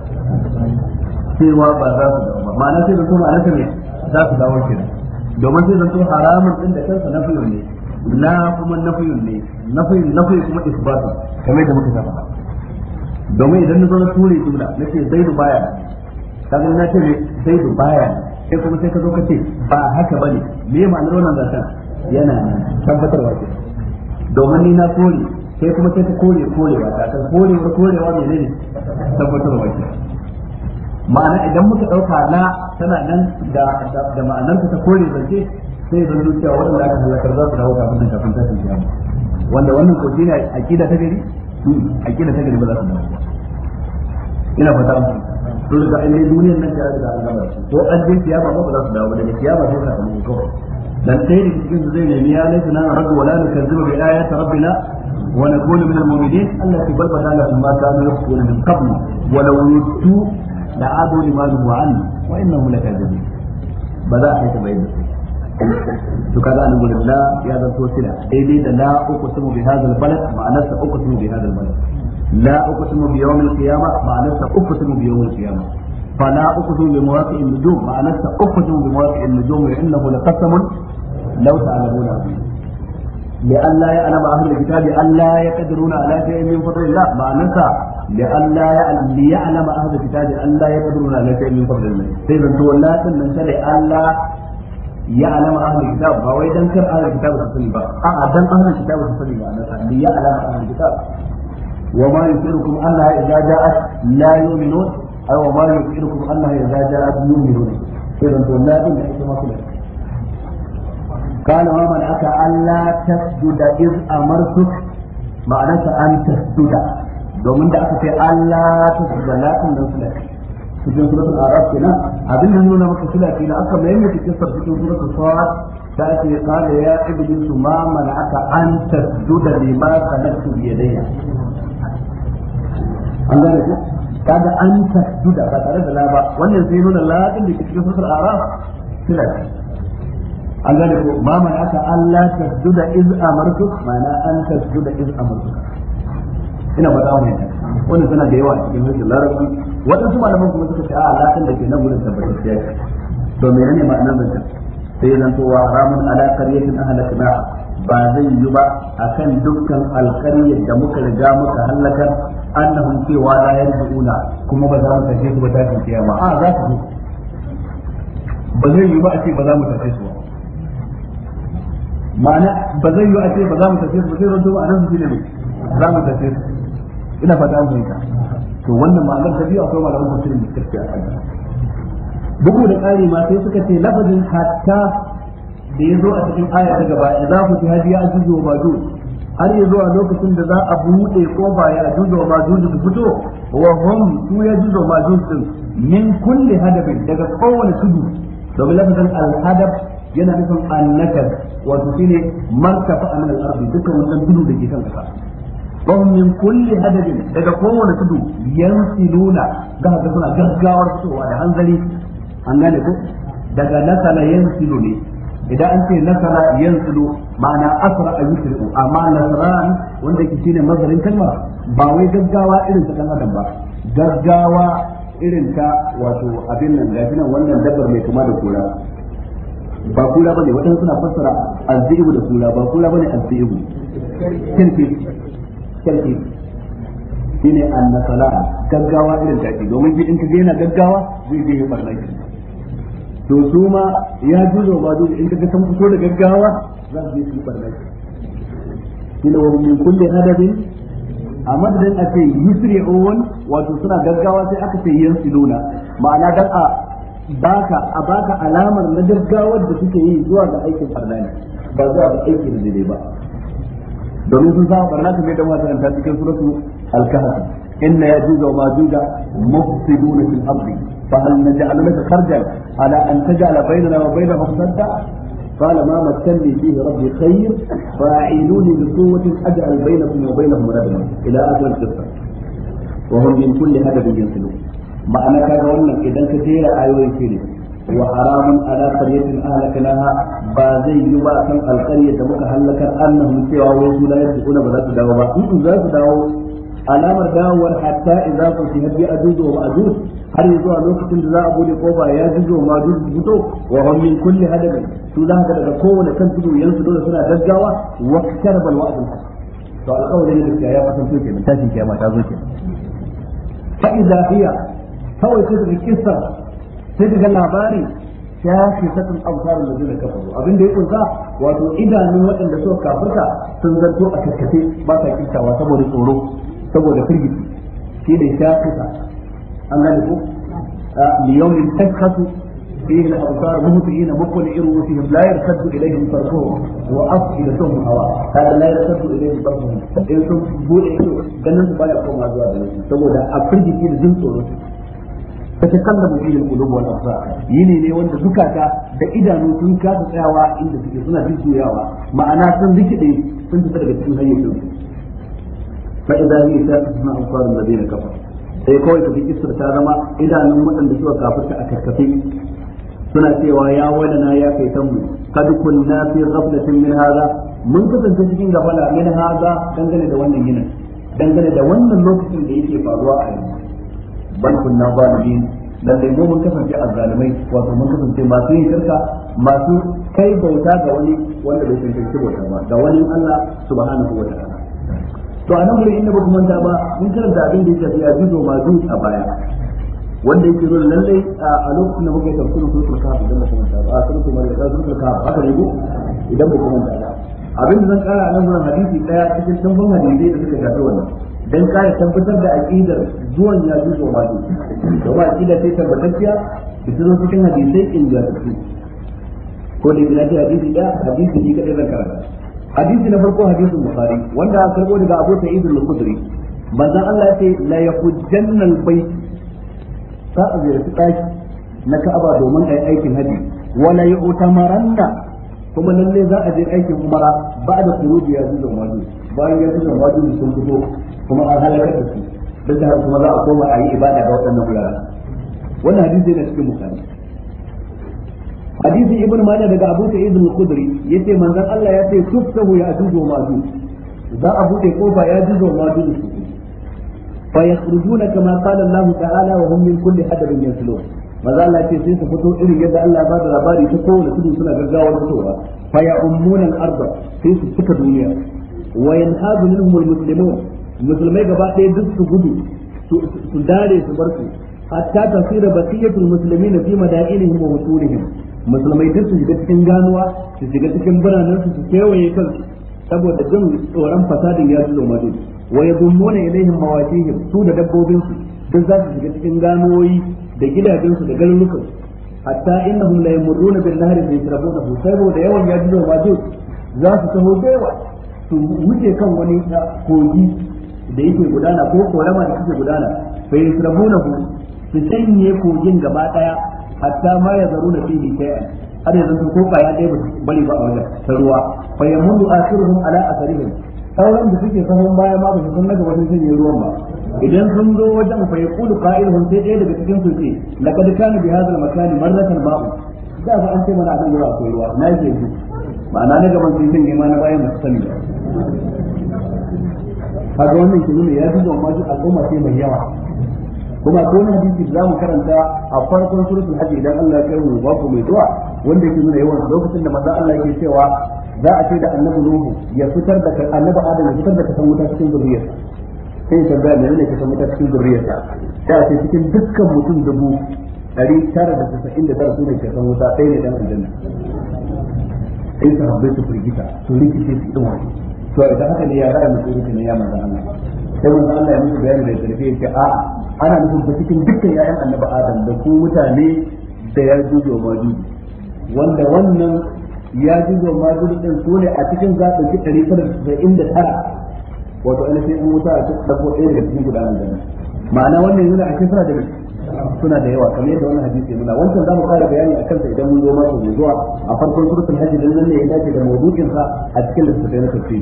cewa ba za su dawo ba ma'ana sai da su ma'ana ta ne za su dawo kenan domin sai da su haramun din da kansa nafiyun ne la kuma nafiyun ne nafiyun nafiyun kuma isbatu kamar da muka saba domin idan na zo na ture jumla nace zaidu baya kaga na ce zaidu baya sai kuma sai ka zo ka ce ba haka bane me ma'anar wannan zancen yana tabbatarwa ke domin ni na kore sai kuma ke ka kore korewa ta kan korewar korewa ne ne tabbatarwa ke ma'ana idan muka ɗauka na tana nan da da ma'anar ta kore zance sai zan zuciya waɗanda aka halakar za su dawo kafin nan kafin tashin kiyama wanda wannan ko shine aqida ta gari hmm, aqida ta gari ba za su dawo ina fata an to daga inda duniyar nan ta riga an ba ko an je kiyama ba ba za su dawo ba daga kiyama sai ka samu kawai تنتهي بالجنس زي ما هي لسنا ولا نكذب بآيات ربنا ونكون من المؤمنين التي بل بدانا ما كانوا يخطئون من قبل ولو ردوا لعادوا لما نهوا عنه وانهم لكاذبين بدا حيث بين شكرا كذا نقول لا يا ذا التوسلة إذي لا أقسم بهذا البلد مع نفس أقسم بهذا البلد لا أقسم بيوم القيامة مع نفس أقسم بيوم القيامة فلا أقسم بمواقع النجوم مع نفس أقسم بمواقع النجوم لأنه لقسم law ta'lamuna لئلا يعلم أهل الكتاب ألا يقدرون على شيء من فضل الله معناتها لئلا ليعلم أهل الكتاب ألا يقدرون على شيء من فضل الله سيدنا لا تنسى لئلا يعلم أهل الكتاب فهو إذا كان أهل الكتاب تصلي بقى أعدم أهل الكتاب تصلي معناتها ليعلم أهل الكتاب وما يذكركم أنها إذا جاءت لا يؤمنون أو ما يذكركم أنها إذا جاءت يؤمنون إذا لا إلا إتماثلها قال ومن أتى ألا تسجد إذ أمرتك معناك أن تسجد domin da aka ce Allah ta shiga latin nan suna cikin suratul arab kenan abin da nuna maka suna na aka mai mai cikin suratul sawat ta ce kala ya su ma mana'aka an tasjuda lima khalaqtu bi yadayya an gane ku kaga an tasjuda ba tare da la ba wannan sai nuna latin da cikin suratul arab an gane ko ba ma aka Allah tasjuda iz amartu mana an tasjuda iz amartu ina ba da wannan wannan tana da yawa cikin hadisin larabci wadansu malaman kuma suka ce a alakan da ke nan gurin tabbatacciya ce to menene ma'anar da sai zan to wa haramun ala qaryatin na ba zai yi ba akan dukkan alƙaryar da muka riga muka halakar annahum cewa la yarjuuna kuma ba za mu tafi su ba tashin kiyama a za su ba zai yi ba a ce ba za mu tafi su ba ma'ana ba zai yi a ce ba za mu tafi ba zai rodo ba a nan su ne ba za mu tafi ina fata an fahimta to wannan ma'anar ta biyu akwai malaman mutum da suka ce a kan bugu da ƙari ma sai suka ce lafazin hatta da ya zo a cikin aya ta gaba idza futi hadiya ajuju wa majuj har ya zuwa lokacin da za a buɗe kofa ya ajuju wa majuj su fito wa hum su ya ajuju wa majuj din min kulli hadabin daga kowane tudu domin lafazin al-hadab yana nufin annakar wato shine fa a nan ardi dukkan wannan tudu da ke kan kasa wa min kulli hadabin daga kowane tudu yansiluna ga haka suna gaggawar fitowa da hanzari an gane ko daga nasala yansilu ne idan an ce nasala yansilu ma'ana asra a yusri'u amma nasran wanda yake shine mazarin kalma ba wai gaggawa irin ta kan adam ba gaggawa irin ta wato abin nan gashi nan wannan dabbar mai kuma da kura ba kula bane wadanda suna fassara azzibu da kula ba kula bane azzibu kirki kirki shine annasala gaggawa irin taki domin shi in kaga yana gaggawa zai je ya barna shi to su ma ya juzo ba duk in kaga san fito da gaggawa za su je su barna shi kina wa min kulli hadabin a madadin a ce yusri'un wato suna gaggawa sai aka ce nuna ma'ana dan a baka a baka alamar na gaggawar da suke yi zuwa ga aikin barna ne ba zuwa ga aikin daidai ba domin sun samu barna kamar da masu ranta cikin suratu al-kahf inna yajuja wa majuja mufsiduna fil ardi fa hal naj'al laka kharjan ala an taj'ala bainana wa bainahum sadda قال ما مكنني فيه ربي خير فاعينوني بقوة أجعل بينكم وبينهم ردما إلى آخر القصة وهم من كل هدف ينسلون ma'ana kaga wannan idan ka jera ayoyin shi ne wa haramun ala qaryatin ahlaknaha ba zai yi ba kan alqarya da muka halakar annahum cewa wai su la yadkhuluna ba za su dawo ba in za su dawo alamar dawowar hatta idza futihat bi ajuj wa ma'juj har yanzu a lokacin da za a bude kofa ya jujo ma jujo fito wa hum min kulli hadabin su za ka daga kowane kan tudu yanzu dole suna gaggawa wa karbal wa'dul to alƙawarin da ya fatan to kenan tashin kiyama ta zo kenan fa idza hiya kawai sai daga kissa sai daga labari shafi satun amsarin da zai kafa abin da ya kunsa wato idanun waɗanda suka kafirta sun zanto a kakkace ba sa kintawa saboda tsoro saboda firgiti shi ne shafi sa an gane ko liyawmin takhasu فيه الابصار مهطعين مقلعين رؤوسهم لا يرتد اليهم طرفهم وافئدتهم هواء هذا لا يرتد اليهم طرفهم ان sun bude ido ganin su baya koma zuwa da su saboda a firgiti da jin tsoro tatakallamu fihi al-qulub wal absar yini ne wanda zukata da idanu sun kasa tsayawa inda suke suna jujjuyawa ma'ana sun rikide sun fita daga cikin hayyacin fa idza hiya tasma anfar alladhina kafaru sai kawai ka kissa ta zama idanun waɗanda suka kafirta a karkafe suna cewa ya walana ya kai tanmu kad kunna fi ghaflatin min mun kasance cikin gafala min hadha dangane da wannan dangane da wannan lokacin da yake faruwa a yanzu bal kunna zalimin lalle mu mun kasance azzalimai wato mun kasance masu yin shirka masu kai bauta ga wani wanda bai san cancanci bauta ba ga wani Allah subhanahu wa ta'ala to anan gurin inda ba manta ba mun karanta abin da ya shafi azizo mazuz a baya wanda yake zo lalle a lokacin da muke tafsirin suratul kahf idan ba manta ba a suratul maryam da suratul kahf haka ne ko idan ba manta ba abin da zan kara nan gurin hadisi daya cikin tambon hadisi da suka shafi wannan dan kare tabbatar da aqidar zuwan ya ji so ma da ba aqida sai tabbatacciya da ta zo cikin hadisai in da su ko da ina ji hadisi da hadisi ne kada zan karanta hadisi na farko hadisi bukhari wanda aka karbo daga Abu Sa'id al-Khudri manzon Allah ya ce la yaqujjanna al-bayt sa a ziyarci daki na Ka'aba domin ai aikin haji wala yu'tamaranna kuma lalle za a je aikin umara ba da kuruji ya zuwa wajen, bayan ya zuwa wajen sun fito kuma an halakar da su don ta haka kuma za a koma a yi ibada ga waɗannan wuraren wannan hadisi yana cikin bukari hadisi ibn majah daga abu sa'id al ya ce manzon Allah ya ce tuftahu ya ajuzu wa majuj za a bude kofa ya ajuzu wa majuj fa yakhrujuna kama kala Allah ta'ala wa hum min kulli hadabin yansilun maza Allah ce sai su fito irin yadda Allah ba da labari ta kowane tudu suna gaggawar fitowa fa ya ummuna arba sai su cika duniya wa yanhadu minhum al-muslimun musulmai gaba ɗaya duk su gudu su dare su bar su hatta tasira baqiyatul muslimin fi madainihim wa wusulihim musulmai duk su shiga cikin ganuwa su shiga cikin biranen su su kewaye kansu saboda jin tsoron fasadin ya zo ma ya wa yadummuna ilaihim mawatihim su da dabbobin su duk za su shiga cikin ganuwoyi da gidajen su da garurukan hatta innahum la yamurruna bil nahri fa yashrabuna saboda yawan ya zo ma za su taho bewa su wuce kan wani kogi da yake gudana ko korama da take gudana fa ku su sanye kogin gaba daya hatta ma ya zaru da fihi kai har yanzu ko kaya dai bari ba a wajen ta ruwa fa yamudu akhiruhum ala asarihim sauran da suke sahun baya ma ba su san daga wajen sanya ruwan ba idan sun zo wajen fa yaqulu qa'iluhum sai ɗaya daga cikin su ce laqad kana bi hadha al-makan marratan ba'u da ba an ce mana abin yawa ko ruwa na yake ji ma'ana na gaban sun sanya ma na bayan ba su sani ba kaga wannan ke nuna ya fi zuwa masu al'umma ce mai yawa kuma ko na hadisi za mu karanta a farkon suratul hajji idan Allah ya kai mu ba ku mai zuwa wanda yake nuna yawan lokacin da manzo Allah yake cewa za a ce da annabi Nuhu ya fitar da annabi Adam ya fitar da kasan wuta cikin zuriyarsa sai tambaya mai ne kasan wuta cikin zuriyarsa sai a ce cikin dukkan mutum dubu ɗari tara da tasa'in da tara su ne kasan wuta ɗaya ne dan aljanna sai sahabbai su firgita su rikice su ɗin wani to idan haka ne ya za a mutu duka ne ya manzo Allah sai manzo Allah ya mutu bayani da sarfe ya ce a ana nufin ba cikin dukkan ƴaƴan annabi Adam da ku mutane da ya jujo majuji wanda wannan ya jujo majuji din su ne a cikin zaɓin ki ɗari tara da inda tara wato ana sai an wuta a cikin ɗago ɗaya da cikin gudanar da ma'ana wannan yana a cikin suna da suna da yawa kamar yadda wannan hadisi muna wancan zamu fara bayani akan sa idan mun zo mako mai zuwa a farkon suratul hajj din nan ne ya dace da mawdu'in sa a cikin littafin na tafsiri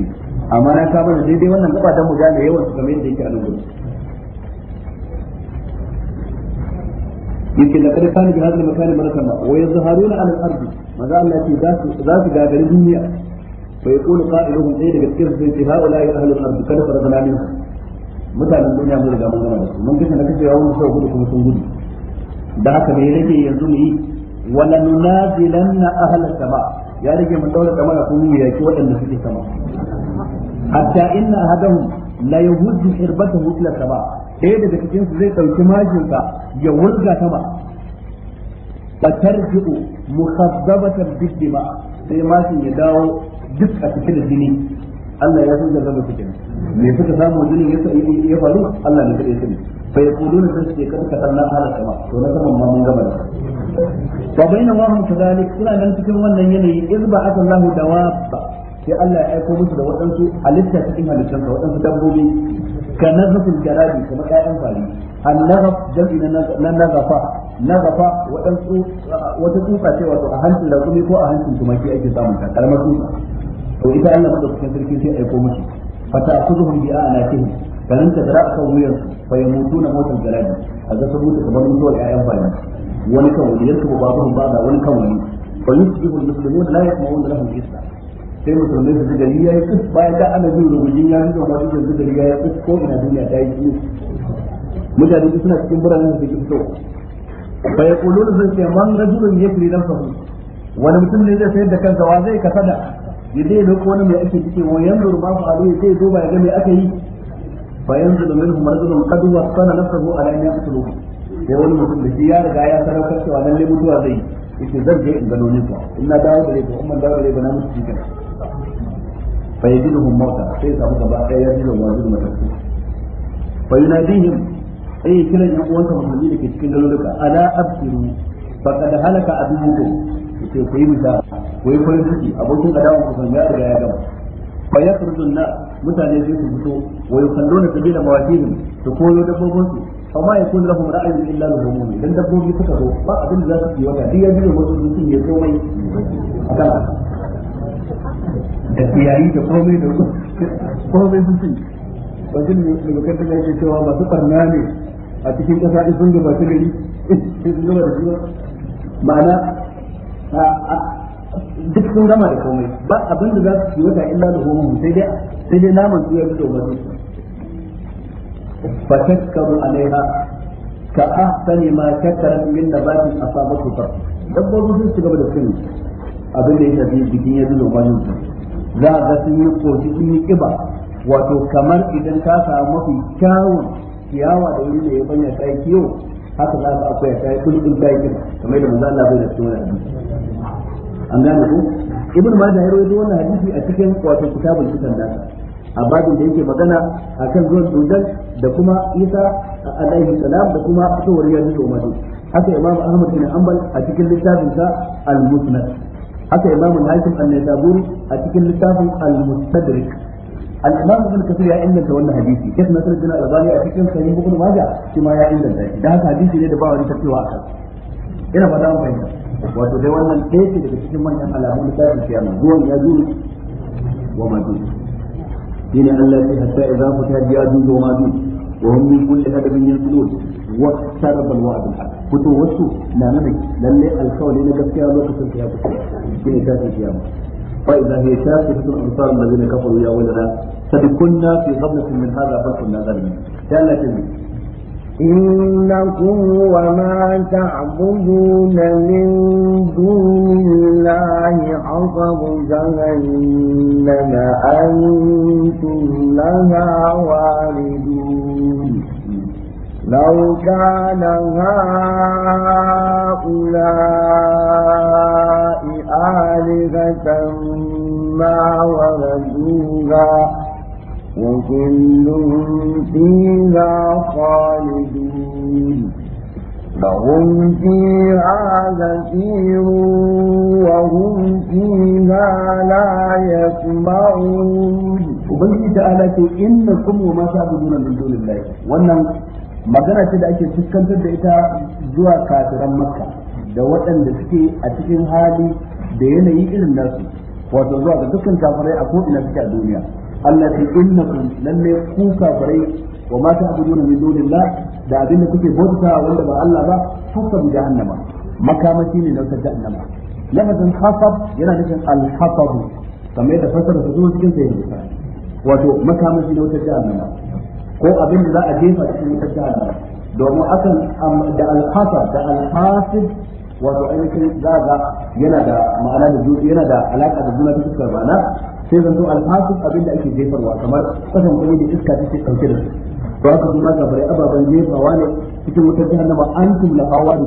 amma na kama da daidai wannan gaba dan mu ga da yawan su kamar yadda yake a nan gurin yake da kare kana bi hadal makani malakan wa yazharuna ala al-ardi maza Allah ya ce za su za su ga garin duniya fa yaqulu qa'iluhum ay daga cikin su ha'ula ya ahlul ardi kada farzana minhum mutanen duniya mun riga mun gama da su mun kace na kace yawon sau gudu kuma sun gudu da haka ne rage yanzu mu yi wala nunazilanna ahla sama ya rage mu daura kamar mara kuma ya ki waɗanda suke sama hatta inna ahadahum la yahuddu hirbatahu ila sama ɗaya daga cikin su zai ɗauki ka ya wurga sama fatarji'u mukhaddabatan bidima sai mashin ya dawo duk a cikin jini Allah ya san da zama cikin me suka samu jinin yasa ya faru Allah ne kadai sani fa yaquluna sun ce kan ka sanna ala sama to na saman ma mun gama fa baina ma hum kadalik suna nan cikin wannan yanayi izba asallahu dawabba sai Allah ya aiko musu da waɗansu halitta cikin halittan ka waɗansu dabbobi ka nazafin jarabi kamar ƴaƴan fari annazaf jam'i na nazafa nazafa waɗansu wata tsufa ce wato a hancin da rakumi ko a hancin tumaki ake samun ta karamar tsufa to ita Allah madaukakin sarki sai aiko musu فتأخذهم بآلاتهم فلن تدرأ قوميا فيموتون موت الجلاد هذا سبوت كبر من سوى الآيات بيان ولكون يركب بعضهم بعضا ولكون فيسجب المسلمون لا يسمعون لهم الإسلام sai musulmai su gari ya yi kus bayan da ana jin rubujin ya nuna wani jin da gari ya yi kus ko ina duniya ta yi kiwo mutane suna cikin biranen su ke fito fa ya kulu sun ce man ya wani mutum ne zai sayar da kansa wa zai kasada ya dai wani mai ake cike wa yanzu ba fa sai ya ga mai aka yi fa yanzu da minhum ala sai wani mutum da shi ya riga ya mutuwa zai yake zan je in dawo da dawo da mutu fa yajiduhum sai samu gaba ɗaya fa yunadihim kiran yan uwansa musulmi da ke cikin garuruka ala absiru faqad halaka adukum ce ku yi bishara ku yi farin ciki abokin adawa ku san ya riga ya gama fa ya an na mutane sai su fito wa yukalluna sabila to ko koyo dabbobin su amma ya kun lahum ra'ayun illa al-humumi dan dabbobi suka zo ba abin da za su yi wa dai ya biyo wasu mutum ya komai aka da kiyayi da komai da komai sun ci wajen da bakar da yake cewa masu barna ne a cikin kasa sun ba su gari sun gaba da juna ma'ana duk sun gama da komai ba abin da za su ci wata illa da homo sai dai sai dai naman su ya fito ba su fa takaru alaiha ka ahsani ma takara min nabatin asabatu ta dabbobi sun ci gaba da cin abin da ya shafi jikin ya zuwa bayan su za a ga sun yi koki sun yi kiba wato kamar idan ka samu mafi kyawun ciyawa da wuri da ya banya ta kiyo haka za ka akwai ta kullum kulkin ta kiba kamar da manzo Allah bai da sunan an gane ko ibn majah ya rawaito wannan hadisi a cikin wato kitabul kitan da a babin da yake magana akan zuwan dujal da kuma isa alaihi salam da kuma fitowar yanzu da umaru haka imam ahmad bin hanbal a cikin littafin sa al-musnad haka imam al-hakim an-nisaburi a cikin littafin al-mustadrik al-imam ibn kathir ya inganta wannan hadisi kaif nasruddin al-albani a cikin sahih ibn majah shi ma ya inganta shi dan haka hadisi ne da ba wani tafsiwa akan ina fata an fahimta wato dai wannan ɗaya ce daga cikin manyan alamun da tashin kiyama zuwan ya zuru wa ma zuru shine Allah ya hatta idza fata ya zuru wa ma wa hum min kulli hadabin yansulun wa tarabal wa'd al fito wasu na nuna lalle alkawari na gaskiya lokacin kiyama shine tashin kiyama فإذا ta شافتة أبصار الذين كفروا يا ولنا قد كنا في غفلة من هذا فكنا ya قال لك إنكم وما تعبدون من دون الله حصب جهنم أنتم لها واردون لو كان هؤلاء آلهة ما وردوها وكلهم فيها خالدون لهم فيها زفير وهم فيها لا يسمعون وبنجي تعالى إنكم وما تعبدون من دون الله وأنهم magana ce da ake fuskantar da ita zuwa kafiran makka da waɗanda suke a cikin hali da yanayi irin nasu wato zuwa ga dukkan kafirai a ko'ina suke a duniya Allah ce innakum lalle kuka kafirai wa ma ta'buduna min dunillah da abinda kuke bauta wanda ba Allah ba kuka bi jahannama makamashi ne na wutar jahannama lafazin hasab yana nufin al-hasab kamar yadda fasara ta zo cikin sai wato makamashi na wutar jahannama ko abin da za a jefa cikin wutar jahannama domin akan da al-hasab da al-hasib wato ainihin za ga yana da ma'ana da yana da alaka da juna ta fuskar bana sai zanto alhasil abin da ake jefarwa kamar kasan kuma da iska take ɗauke da su to aka kuma gabarai ababen jefawa ne cikin wutar jahannama antum lahawa da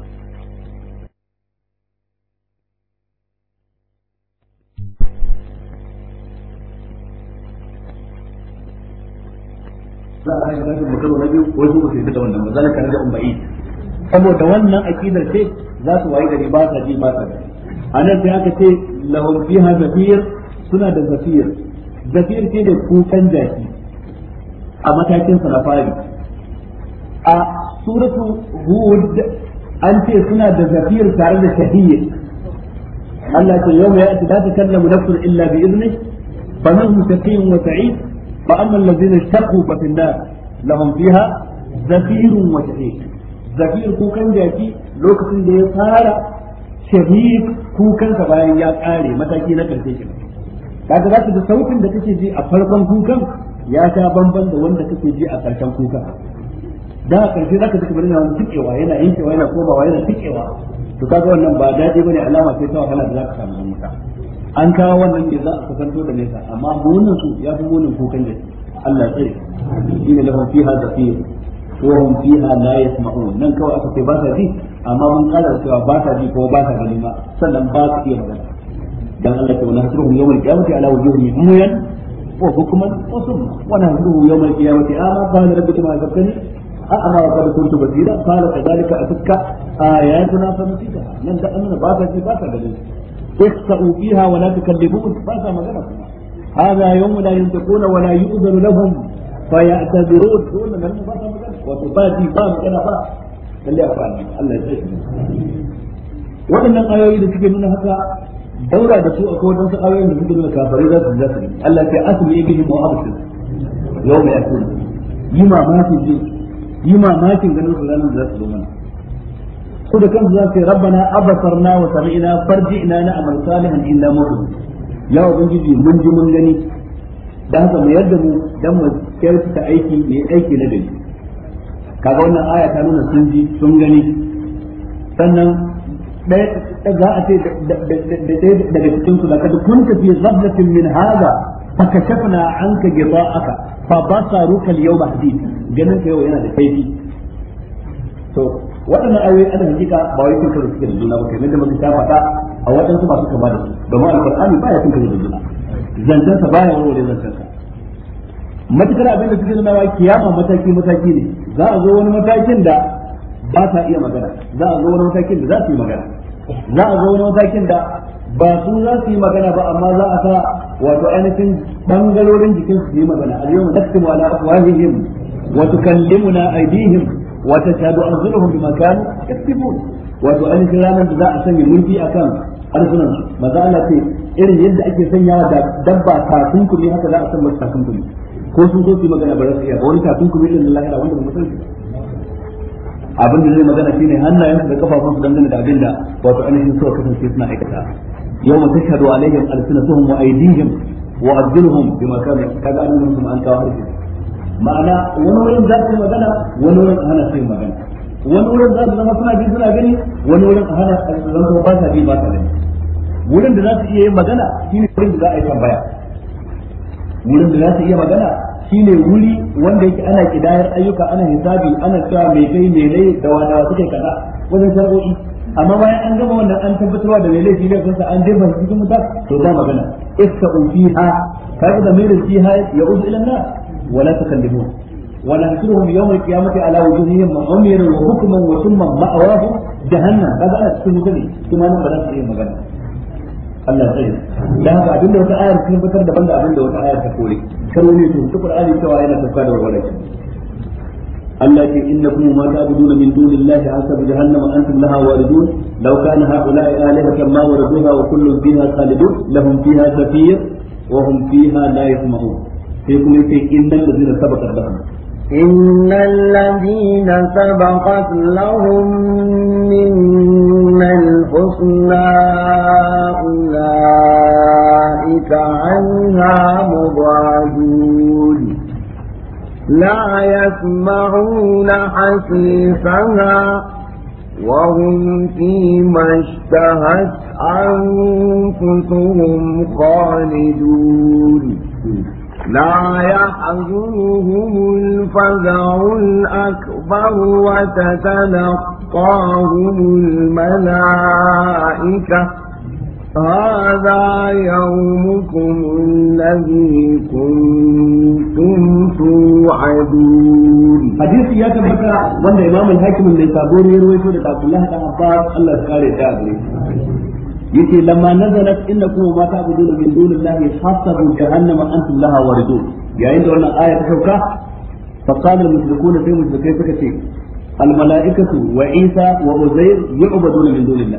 za a haifar da mutum na biyu ko su ba su yi da wannan ba zalika na da umbai saboda wannan akidar ce za su wayi gari ba sa ji ba sa gari a nan sai aka ce lahum fiha zafir suna da zafiyar zafiyar ce da kukan jaki a matakin na fari a suratu hud an ce suna da zafiyar tare da shahiyya Allah ce yau ya ta mu nafsun illa bi izni fa minhum shaqiyyun wa sa'id fa amma allazina shaqu fa fi an-nar lahum fiha zafirun wa shahiyya zafir kukan jaki lokacin da ya fara shahiyya kukansa bayan ya kare mataki na karshe kenan kaga za ka ji sautin da kake ji a farkon kukan ya sha bamban da wanda kake ji a ƙarshen kukan da a ƙarshe za ka ji kamar yana tikewa yana yankewa yana komawa yana tikewa to kaga wannan ba daɗi bane alama sai ta wahala da za ka samu mutum an kawo wannan ne za a kusanto da nesa amma munin su ya fi munin kukan da Allah tsare shine lahum fiha da fiye hum fiha la yasma'un nan kawai aka ce ba sa ji amma mun da cewa ba sa ji ko ba sa gani ba sannan ba su iya magana dan Allah ta wanahsuruhum yawmal qiyamati ala wujuhihim umyan wa hukman wa summa wa nahsuruhum yawmal qiyamati ama qala rabbi ma azabtani أأرى وقد كنت بصيرا قال كذلك ba آياتنا فنسيتها من ده أمن باسا في باسا دليل اخسأوا فيها ولا تكلمون باسا مجرد هذا يوم لا ينطقون ولا يؤذن لهم فيعتذرون دون من باسا مجرد وتباتي بام كنا باسا lalle a fara Allah ya tsaye waɗannan ayoyi da suke nuna haka daura da su akwai wajen wadansu ayoyin da suke nuna kafirai za su ji zasu Allah sai asmi bihim wa Yau mai yakun yi mamakin jin yi mamakin ganin su ranar za su zo mana Ku da kansu za su yi rabbana na wa sami'na farji'na na amal salihan inna mu'min ya ubangiji mun ji mun gani da haka mu yarda mu dan mu kyautata aiki mai aiki na gari kaga wannan aya ta nuna sun ji sun gani sannan ɗaya za a ce daga cikin su laqad kunta fi zablatin min hadha fakashafna anka ghida'aka fa basaruka al ba hadid ganin ka yau yana da kaifi to waɗannan ayoyi ana hakika ba wai kun karo suke da juna ba kamar da muka ta faɗa a waɗansu masu kama da su domin alqur'ani ba ya karo da juna zancensa baya warware zancensa matukar abin da suke nuna wa kiyama mataki mataki ne za a zo wani matakin da ba ta iya magana za a zo wani matakin da za su yi magana za a zo wani matakin da ba su za su yi magana ba amma za a sa wato ainihin bangalorin jikin su yi magana al yawma naktimu wato afwahihim na tukallimuna aydihim wa tashhadu arjuluhum bima kanu yaktubun wato ainihin ranar da za a sanya mulki akan harsunan su maza Allah ce irin yadda ake sanya da dabba takunkumi haka za a san masu takunkumi ko sun zo su yi magana ba za su iya ba wani takunkumi din lahira wanda ba mu san shi abin da zai magana shine hannayen da kafafun dangane da abin da wato ainihin suka kasance suna aikata Yau yawma tashhadu alaihim alsinatuhum wa aydihim wa arjuluhum bima kanu kaga annabi kuma an kawo harshe ma'ana wani wurin za su magana wani wurin a hana su magana wani wurin za su zama suna bi suna gani wani wurin a hana su zama ba sa bi ba sa gani wurin da za su iya yin magana shine wurin da za a yi tambaya wurin da za su iya magana shine wuri wanda yake ana kidayar ayyuka ana hisabi ana cewa mai kai mai lai da kaza wajen shar'o'i amma bayan an gama wannan an tabbatarwa da mai laifi ne kansa an dai ban cikin mutum to da magana iska fiha ya uzu wala wala yawm ala wujuhihim wa hukman wa thumma jahannam kaga cikin kuma nan ba za su yi magana Allah da haka abinda wata ayar daban da abinda wata ayar ta kore kar wani to ta qur'ani cewa yana tafka da warware ki Allah ke innakum ma ta ta'buduna min dunillahi hasab jahannama antum laha waridun law kana ha'ula'i alihatan ma wariduha wa kullun fiha salidu lahum fiha zafir wa hum fiha la yasma'un sai kuma sai innal ladzina sabaqa lahum إن الذين سبقت لهم منا الحسنى أولئك أولئك عنها مبعدون لا يسمعون حسيسها وهم فيما اشتهت أنفسهم خالدون لا يحزنهم الفزع الأكبر وتتلقاهم الملائكة هذا يومكم الذي كنتم توعدون حديث يا تبكى وانا امام الحاكم اللي تابوني يروي سورة عبد الله بن عباس الله سكاري تابري yace lamma nazalat innakum ma ta'budun min dunillahi hasabu jahannama antum laha waridun yayin da wannan aya ta sauka fa qala al-mushrikuuna sai mushrikai suka ce al-mala'ikatu wa Isa wa Uzair yu'baduna min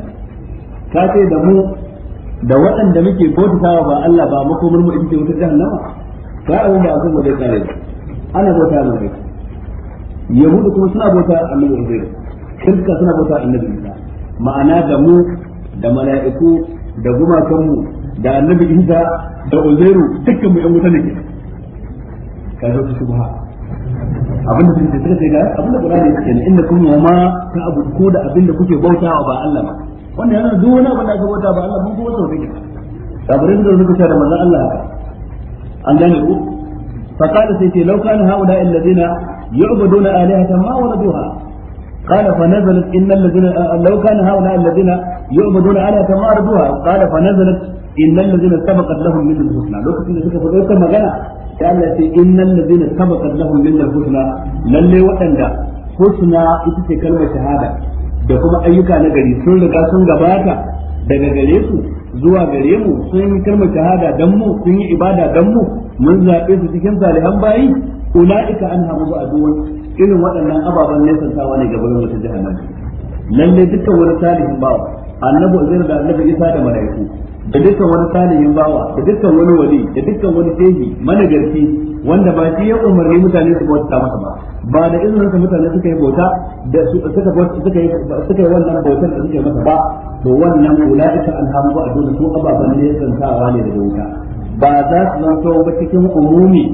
ka ce da mu da waɗanda muke bautawa ba Allah ba makomar mu ita wata jahannama ba abin da abin zai kare ana bauta mu kai yahudu kuma suna bauta annabi Uzair kirka suna bauta annabi Isa ma'ana da mu da mala'iku da gumakanmu da annabi Isa da Uzairu dukkan mu ƴan wuta ne ka zo su ba abinda suke da sai ga abinda Qur'ani yake ne inda kun ma ta abu ko da abinda kuke bautawa ba Allah ba wanda yana duk wani abin da aka bauta ba Allah mun kuma sau da kafirai suka zuka cewa da manzon Allah an gane ku fa qala sai ce law kana haula alladhina yu'buduna alihatan ma waladuha قال فنزلت إن الذين لو كان هؤلاء الذين يعبدون آلهة ما أرضوها قال فنزلت إن الذين سبقت لهم من الحسنى لو كنت شكا فقلت مغانا قال إن الذين سبقت لهم من الحسنى للي وطن حسنى إتسي كلمة شهادة da kuma ayyuka na gari sun riga sun gabata daga gare su zuwa gare mu sun yi kalmar shahada dan mu sun yi ibada dan mu mun zaɓe su cikin salihan bayi ula'ika an hamu ba aduwan irin waɗannan ababen tawa ne gaban wata jahannama lalle dukkan wani salihin bawa annabi zai da annabi isa da malaiku da dukkan wani salihin bawa da dukkan wani wali da dukkan wani shehi managarci wanda ba shi ya umarni mutane su bauta masa ba ba da izinin sa mutane suka yi bauta da su suka suka yi suka yi wannan bautar da suka masa ba to wannan ulaiika alhamu a dole su ababan ne ta wani daga wuta ba za su so ba cikin umumi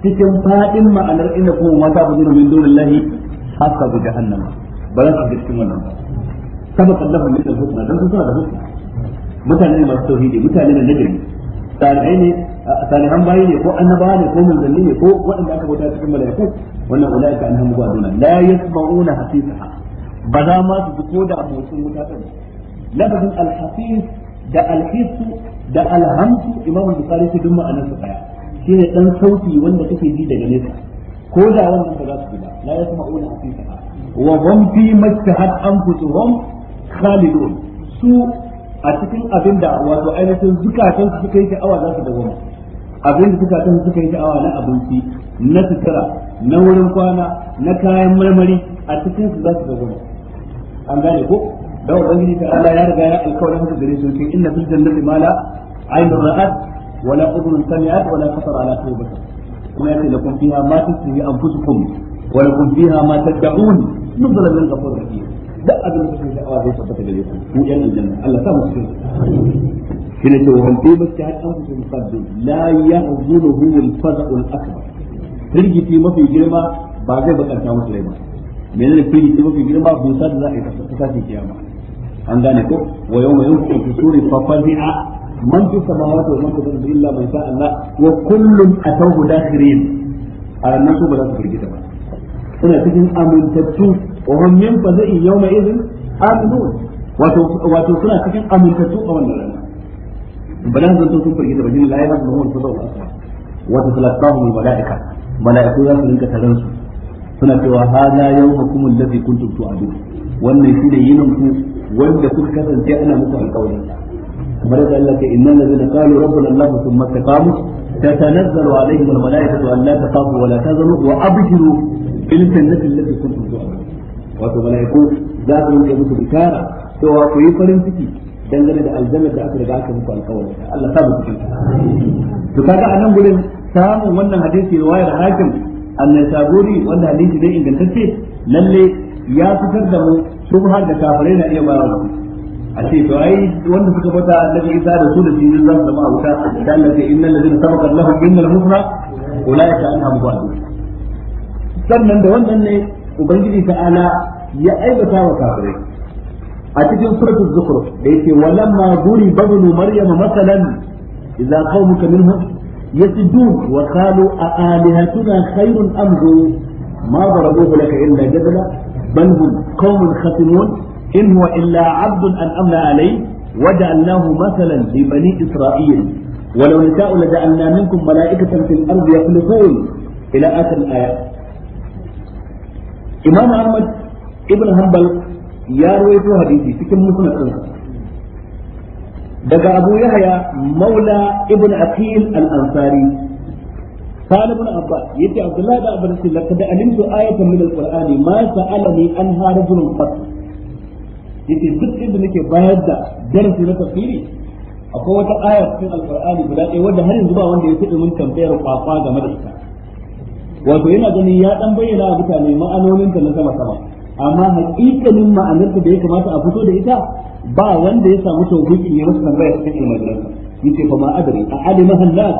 cikin fadin ma'anar inda kuma mata bu min dunillahi hasabu jahannama ba za su cikin wannan ba sabaqallahu min al-husna dan su suna da husna mutane ne masu tauhidi mutane ne nagari salihai ne salihan bayi ne ko annabawa ne ko manzanni ne ko waɗanda aka bauta cikin malaiku wannan ulaika an hamu ba'duna la yasma'una hasisaha ba za ma su ji koda da abokin wuta ɗin lafazin alhasis da alhisu da alhamsu imamu bukari su dun ma'anar su daya shine dan sauti wanda kake ji daga nesa ko da wannan ba za su ji ba la yasma'una hasisaha wa hum fi mastahat anfusuhum khalidun su a cikin abin da wato ainihin zukatan su suka yi sha'awa za su dawoma abin da zukatan suka yi sha'awa na abinci na sutura na wurin kwana na kayan marmari a cikin su za su dawoma an gane ko da ubangiji ta Allah ya riga ya alkawarin haka gare su cikin inna fil jannati mala, la ayn ra'at wa la udhun sami'at wa la khatar ala qalbi kuma yace lakum fiha ma tasri anfusukum wa lakum fiha ma tad'un nuzulan min ghafurir rahim duk abin da kuke sha'awa zai tabbata gare ku ku yan aljanna Allah sa mu cikin shine to hum bi bakka an anfusun sabbi la yahzunuhu al-faza'u al-akbar firgiti mafi girma ba zai bakanta musu rai ba menene firgiti mafi girma busa da za a yi kasance kiyama an gane ko wa yawma yunfu fi suri fa fazi'a من في السماوات ومن في الأرض إلا من شاء الله وكل أتوه داخلين على الناس ولا تفرق ba. ina cikin amintattu wa hum min faza'i yawma idhin aminun wato wato suna cikin amintattu a wannan rana ba dan zanto sun farki da bajin la'ila da mun sallallahu alaihi wasallam wato talaqahum malaika malaiku za su rinka taron su suna cewa hada yawmakum alladhi kuntum tu'adun wannan shine yinin ku wanda kuka kasance ana muku alƙawari kamar da Allah ke innal ladina qalu rabbuna Allah thumma istaqamu wato mala'iku za su rinka musu bishara cewa ku yi farin ciki dangane da aljanna da aka riga aka muku alƙawarin Allah ta mu cikin to kaga a nan gurin samun wannan hadisi riwayar hakim annan saburi wanda hadisi ne ingantacce lalle ya fitar da mu subhar da kafirai na iya bayarwa a ce to ai wanda suka bata annabi Isa da su da shi zan zama abuta da Allah ce innal ladina sabaqat lahum innal husna ulaika anhum ghalibun sannan da wannan ne ubangiji ta'ala ya aibata wa kafirai a cikin suratul zukhruf da yake walamma duriba ibn maryam masalan idza qaumuka minhum يسجون وقالوا أآلهتنا خير أم هو ما ضربوه لك إلا جدلا بل هم قوم خصمون إن هو إلا عبد أنعمنا عليه وجعلناه مثلا لبني إسرائيل ولو نشاء لجعلنا منكم ملائكة في الأرض يخلقون إلى آخر الآيات imam ahmad ibn hanbal ya rawaito hadisi cikin musnad din daga abu yahya maula ibn aqil al-ansari قال ابن عباس يتي عبد الله بن عباس لقد علمت آية من القرآن ما سألني عنها رجل قط yace duk inda nake bayar da darasi na tafsiri akwai wata aya cikin alqur'ani guda ɗaya wanda har yanzu ba wanda ya fi mun tambayar kwakwa game da ita wato yana ganin ya dan bayyana a mutane ma'anonin ta na sama sama amma haƙiƙanin ma'anar da ya kamata a fito da ita ba wanda ya samu tawfiqin ya masa tambaya cikin almajiransa yace fa ma adri a alima hannas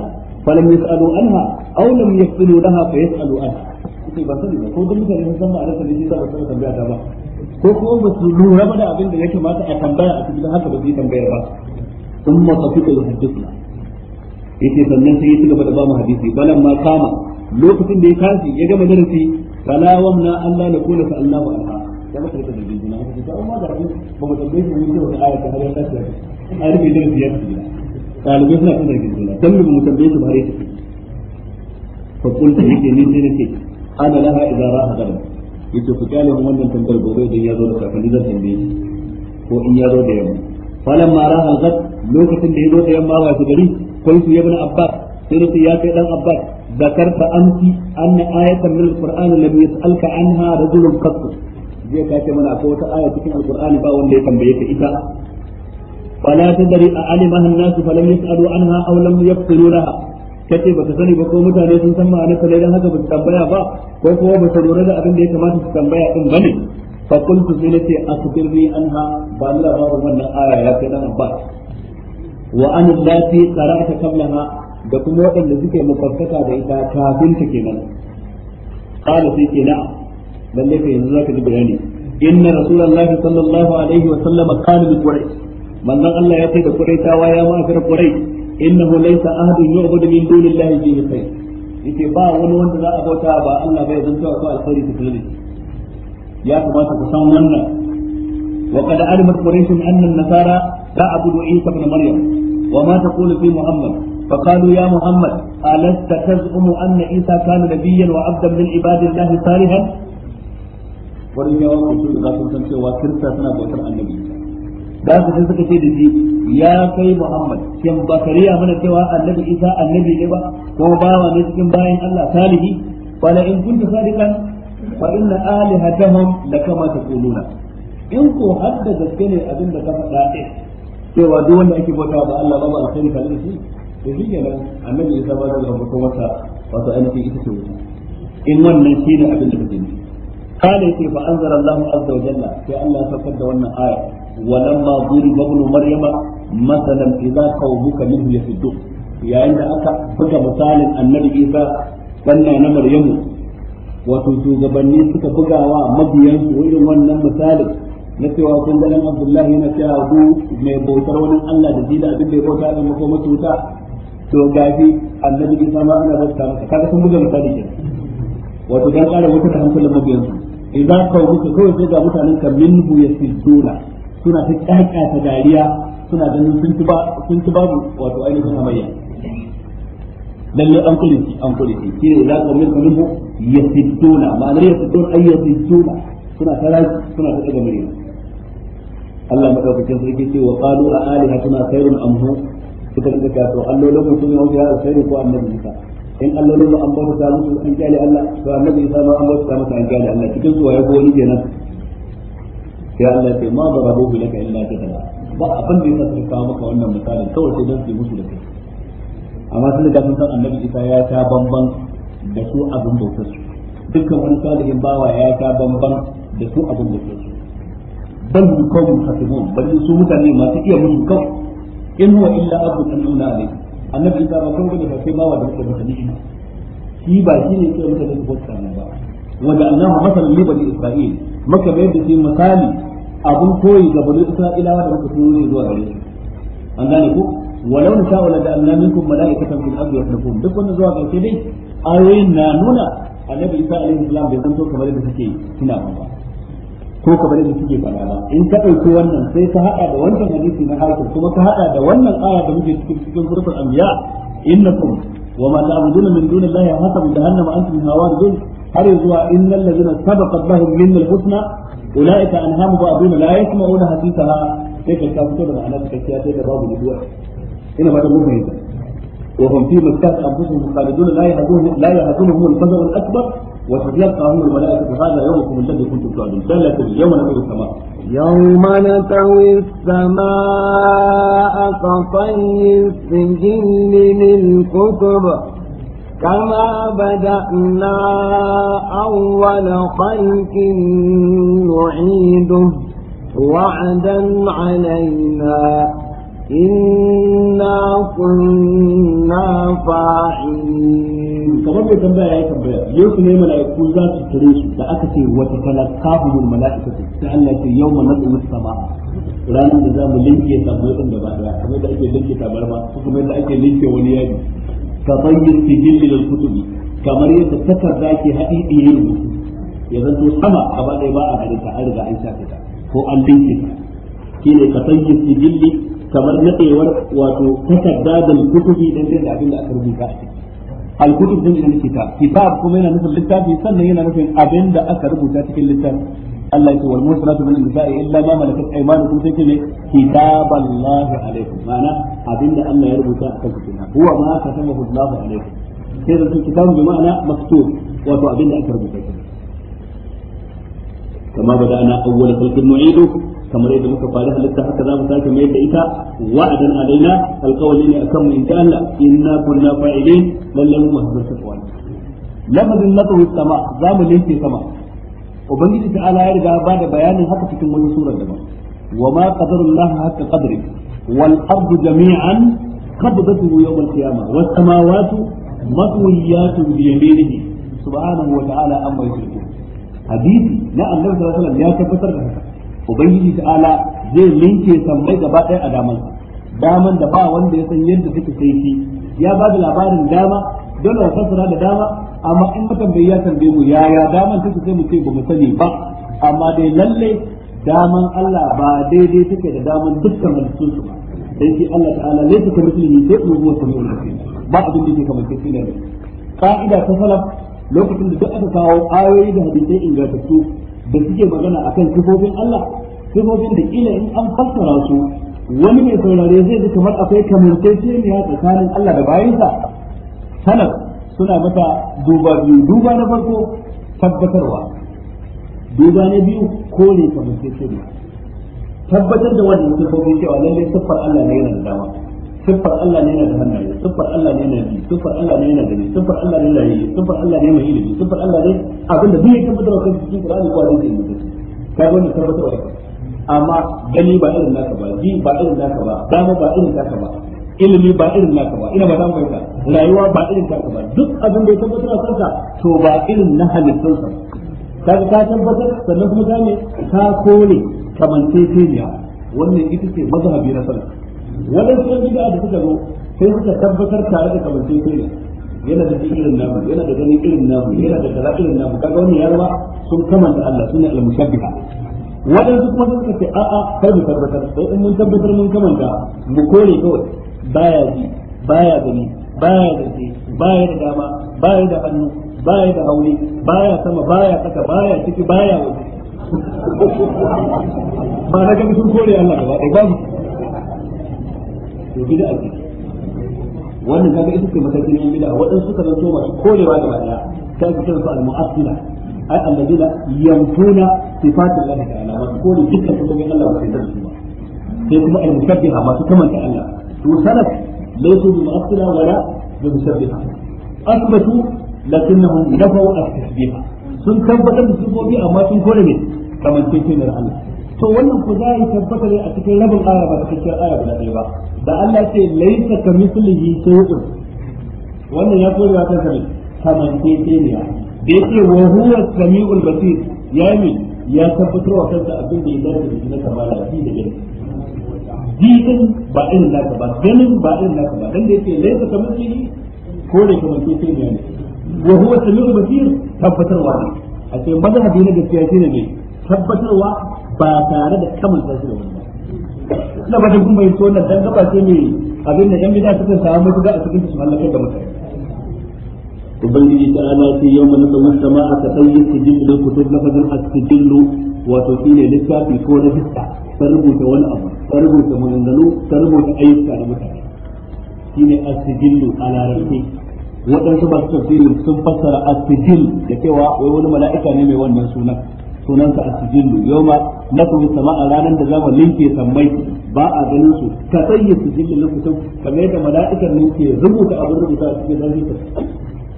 falam yasalu anha aw lam yasalu laha fa yasalu anha yace ba sani ba ko dan mutane sun san ma'anar ta ne ba su tambaya ta ba ko kuma ba su lura ba da abin da ya kamata a tambaya a cikin haka ba su yi tambaya ba ثم طفق يحدثنا يتي فنن سيتي قبل hadisi حديثي ma قام lokacin da ya tashi ya gama darasi fala Allah na kula fa Allahu ya da ta amma da rabu ba wata har ya tashi darasi ya suna dan mu yake ni sai nake ana laha yace ku mun wannan tambayar gobe idan ya zo da kafin zan ko in ya zo da yamma falamma raha gad lokacin da ya zo da yamma wa shi gari kullu ibn abbas sai ya kai dan abbas ذكرت أمس أن آية من القرآن لم يسألك عنها رجل قط زي كاتي من أقوة آية في القرآن باون ليس بيك إذا فلا تدري أعلمها الناس فلم يسألوا عنها أو لم يقتلوا لها kace baka sani ba ko mutane sun san ma'anar da dan haka ba su tambaya ba ko kuma ba su lura da abinda ya kamata su tambaya din bane fa kuntu nace asbirni anha ba ni wannan aya ya kai dan abbas wa da kuma waɗanda suke makwabtaka da ita ta binta kenan qala sai ke na'a lalle kai yanzu zaka ji bayani inna rasulullahi sallallahu alaihi wa sallam qala bi quraish manzon Allah ya ce da quraishawa ya ma kar quraish innahu laysa ahadun yu'budu min dunillahi bi khair yace ba wani wanda za a bauta ba Allah bai zanto ko alkhairi ta kare ya kamata ku san wannan wa qad alimat quraish anna an-nasara ta'budu isa ibn maryam wa ma taqulu fi muhammad فقالوا يا محمد ألست تزعم أن عيسى كان نبيا وعبدا من عباد الله صالحا wurin yawan kusur da sun san cewa kirista suna bautar annabi da suka ce da shi ya kai muhammad shin ba kariya mana cewa annabi isa annabi ne ba ko bawa ne cikin bayan allah salihi wala in kunta sadiqan fa inna alihatahum in ko da gaske abin da ta faɗa cewa duk wanda ake bauta ba allah ba ba alkhairi tare shi to shi kenan annabi ya saba da rabbuka wata wato an ita ce wuta in wannan shine abin da kake ne. kana yake fa anzara Allah azza wa jalla sai Allah ya saukar da wannan aya walamma duriba ibn maryama masalan idza qawmuka minhu yasuddu yayin da aka buga misalin annabi Isa wannan na Maryamu wato shugabanni suka bugawa mabiyan su irin wannan misalin na cewa kun da Abdullahi na cewa ku mai bautar wani Allah da jida abin da ya bauta da makomata wuta to gafi annabi isa ma ana bauta masa kaga sun buga misali ke wato dan ƙara wuta hankali hankalin su idan ka kawai sai ga mutanen ka minhu yasilluna suna ta ƙaƙa ta dariya suna ganin sun ci sun ci babu wato ainihin hamayya lalle an kulisi an kuli shi idan ka minhu minhu yasilluna ma'anar ay suna ta raji suna ta daga murya Allah madaukakin sarki ce wa qalu a alihatuna khairun amhu suka rinka cewa to allolin mu sun yi mafiya alkhairi ko annabi isa in allolin mu an bauta ta musu an kyale Allah to annabi isa ma an bauta samu musu an kyale Allah cikin su waye ko wani kenan sai Allah sai ma darabuhu laka illa jadala ba abin da yasa suka kawo maka wannan misalin kawai sai dan su musu da kai amma sun da sun san annabi isa ya ta bamban da su abin bautar su dukkan wani salihin bawa ya ta bamban da su abin bautar su bal qawmun hasibun bal su mutane masu iya musu kawai in huwa illa abu abdun an'amna alayhi annabi isa ba kun gudu ba sai bawa da muka masa ni'ima shi ba shi ne sai muka da bauta ne ba wa ja'alnahu masalan li bani isra'il maka bayar da shi misali abun koyi ga bani isra'ilawa da muka turo ne zuwa gare su an gane ku walau na wala da anna minkum mala'ikatan fil ardi yakhluqun duk wanda zuwa ga sai dai ayoyin na nuna annabi isa alaihi salam bai zanto kamar da suke kina ba ko kamar yadda suke faɗa ba in ka ɗauki wannan sai ka haɗa da wannan hadisi na harkar kuma ka haɗa da wannan aya da muke cikin cikin surfar anbiya innakum wa ma ta'buduna min dunillahi hasabu jahannama antum hawarizun har zuwa innal ladzina sabaqat lahum minna al-husna ulaika anhamu ba'duna la yasma'una hadithaha sai ka ka fito da ma'ana cikakkiya sai da babu duwa ina ba da mu fahimta وهم في مسكات انفسهم خالدون لا يهزمهم لا يهزمهم الفزع الاكبر وتتلقاهم الملائكة هذا يومكم الذي كنتم تعدون سلة يوم نطوي السماء يوم نطوي السماء كطي السجل للكتب كما بدأنا أول خلق نعيده وعدا علينا إنا كنا فاعلين kamar mai tambaya ya yi tambaya yau ne mala'iku za su tare su da aka ce wata kala kafin talakahumul mala'ikatu sai Allah ce yau ma nasu sama'a ranar da za mu linke ta samuwar da ba daya kamar da ake linke tabarma ko kuma da ake linke wani yadi ka bayyana sijil da kutubi kamar yadda takarda ke haɗi ɗiye rubutu ya zanto sama a ɗaya ba a garin ta an riga an shafe ta ko an linke ta shine ka bayyana sijil kamar naɗewar wato takarda da kutubi dan da abin da aka rubuta a cikin al-kutub din da kitab kitab kuma yana nufin littafi sannan yana nufin abin da aka rubuta cikin littafi Allah yake wal musratu min nisa'i illa ma malakat aymanukum sai ce kitaballahi alaikum ma'ana abin da Allah ya rubuta a kanku kenan huwa ma katamahu Allahu alaikum sai da kitabu bi ma'ana maktub wato abin da aka rubuta kenan kama bada'ana awwal khalqin nu'idu kamar yadda muka fara halitta haka za mu sake mai da ita wa'adan alaina alƙawari ne akan mu insha Allah inna kunna fa'ilin lalle mu masu tsawa lafazin nafahu sama za mu linke sama ubangiji ta ala ya riga ba da bayanin haka cikin wani surar daban wa ma qadarullahi haqqa qadri wal ardu jami'an qabdatuhu yawm al-qiyamah was samawati matwiyatun bi yaminihi subhanahu wa ta'ala amma yushrikun hadisi na annabi sallallahu alaihi wasallam ya tabbatar da haka ubangiji ta'ala zai linke sammai gaba ɗaya a daman daman da ba wanda ya san yadda take sai shi ya ba da labarin dama dole wa fassara da dama amma in mutum bai ya tambaye mu yaya daman take sai mu ce ba mu sani ba amma dai lalle daman Allah ba daidai take da daman dukkan halittun su ba dan shi Allah ta'ala laysa kamithlihi shay'un huwa samiul basir ba abin da yake kamar sai ne ka'ida ta salaf lokacin da duk aka kawo ayoyi da hadisi ingantattu da suke magana akan sifofin Allah sifofin da ila in an fassara su wani mai saurare zai ji kamar akwai kamantaceniya tsakanin Allah da bayansa sanar suna mata duba biyu duba na farko tabbatarwa duba na biyu kore kamantaceniya tabbatar da wannan sifofin cewa lallai siffar Allah ne yana da dama siffar Allah ne yana da hannaye siffar Allah ne yana da siffar Allah ne yana gani siffar Allah ne yana yi siffar Allah ne mai ilimi siffar Allah ne abinda duk ya tabbatar kan cikin Qur'ani ko hadisi ne mutum ka ga wannan tabbatar da amma gani ba irin naka ba ji ba irin naka ba dama ba irin naka ba ilimi ba irin naka ba ina ba dan bayyana rayuwa ba irin naka ba duk abin da ya tabbatar da kanka to ba irin na halittun sa kaga ka tabbatar sannan kuma ka ne ka kore kamantaceniya wannan ita ce mazhabi na sallah waɗansu yan bid'a da suka zo sai suka tabbatar tare da kamance kai ne yana da irin namu yana da ganin irin namu yana da kaza irin namu kaga wani ya sun kamanta Allah suna al-mushabbiha waɗansu kuma sun ce a'a kar mu tabbatar sai in mun tabbatar mun kamanta mu kore kawai baya ji baya gani baya da baya da dama baya da hannu baya da hauli baya sama baya tsaka baya ciki baya waje ba na ganin sun kore Allah gaba ɗaya babu to bid'a ce wannan kaga ita ce matakin yan bid'a waɗansu suka zanto masu korewa gaba daya ta fi kansu al-mu'assila ai alladina yamtuna sifatin Allah ta'ala masu kore dukkan sunan Allah ba sai da su ba sai kuma al-mutabbiha masu kamanta Allah to salaf laysu bi mu'assila wala bi musabbiha asbatu lakinnahum nafaw at-tasbiha sun tabbatar da sifofi amma sun kore ne kamar cikin Allah to wannan ku za yi tabbata ne a cikin rabin aya ba cikakkiyar aya guda ɗaya ba da Allah ce laisa ka mislihi shay'un wannan ya kore wa kansa ne kamanteceniya da yake wa huwa samiul basir ya yi ya tabbatar wa kansa abin da ya dace da shi na kamala shi da gani jikin ba irin naka ba ganin ba irin naka ba dan da yake laisa ka mislihi kore kamanteceniya ne wa huwa samiul basir tabbatarwa ne a ce mazhabi na gaskiya shine ne tabbatarwa ba tare da kamar shi da wani ba kun bai so wannan gaba ce mai abin da yan bid'a suka samu ga a cikin su mallakar da mutane ubangiji ta ce yau mana da wata ma su jin da kutur na wato shi ne ko ta rubuta wani abu ta rubuta maganganu ta rubuta ayyuka da mutane shi ne a waɗansu ba sun fassara da cewa wai wani mala'ika ne mai wannan sunan sunansa as-sijillu yawma nakum sama'a ranar da zama linke sammai ba a ganin su ka tsaye sijillu lakum kamar yadda mala'ikar ne ke rubuta abin rubuta a cikin zalika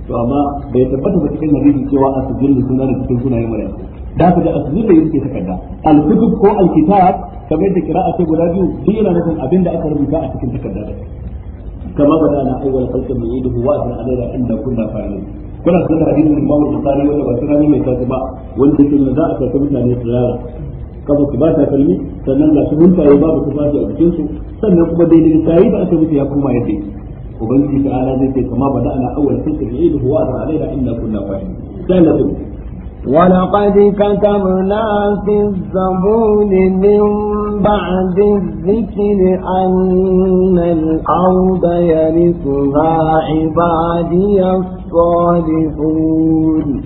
to amma bai tabbata ba cikin hadisi cewa a sijillu sunan da cikin sunayen mala'iku da ka da as-sijillu yake takarda al-kutub ko al-kitab kamar da kira'a ce guda biyu duk yana nufin abin da aka rubuta a cikin takarda كما بدأنا أول خلق نعيده وأثر علينا عند كنا فاعلين kuna cikin hadisin Imam Bukhari wanda ba sai ne mai tafi ba wanda yake za a tafi mutane tsirara kafa su ba ta kalmi sannan ga su huntaye babu su fashi a cikin su sannan kuma daidai ta tayi da aka mutu ya koma yadda yake ubangiji ala zai ce ba bada ana awwal tilka bi'idu huwa ala alaina inna kunna fa'ilin sai Allah ولقد كتبنا في الزبون من بعد الذكر أن الأرض يرثها عبادي الصالحون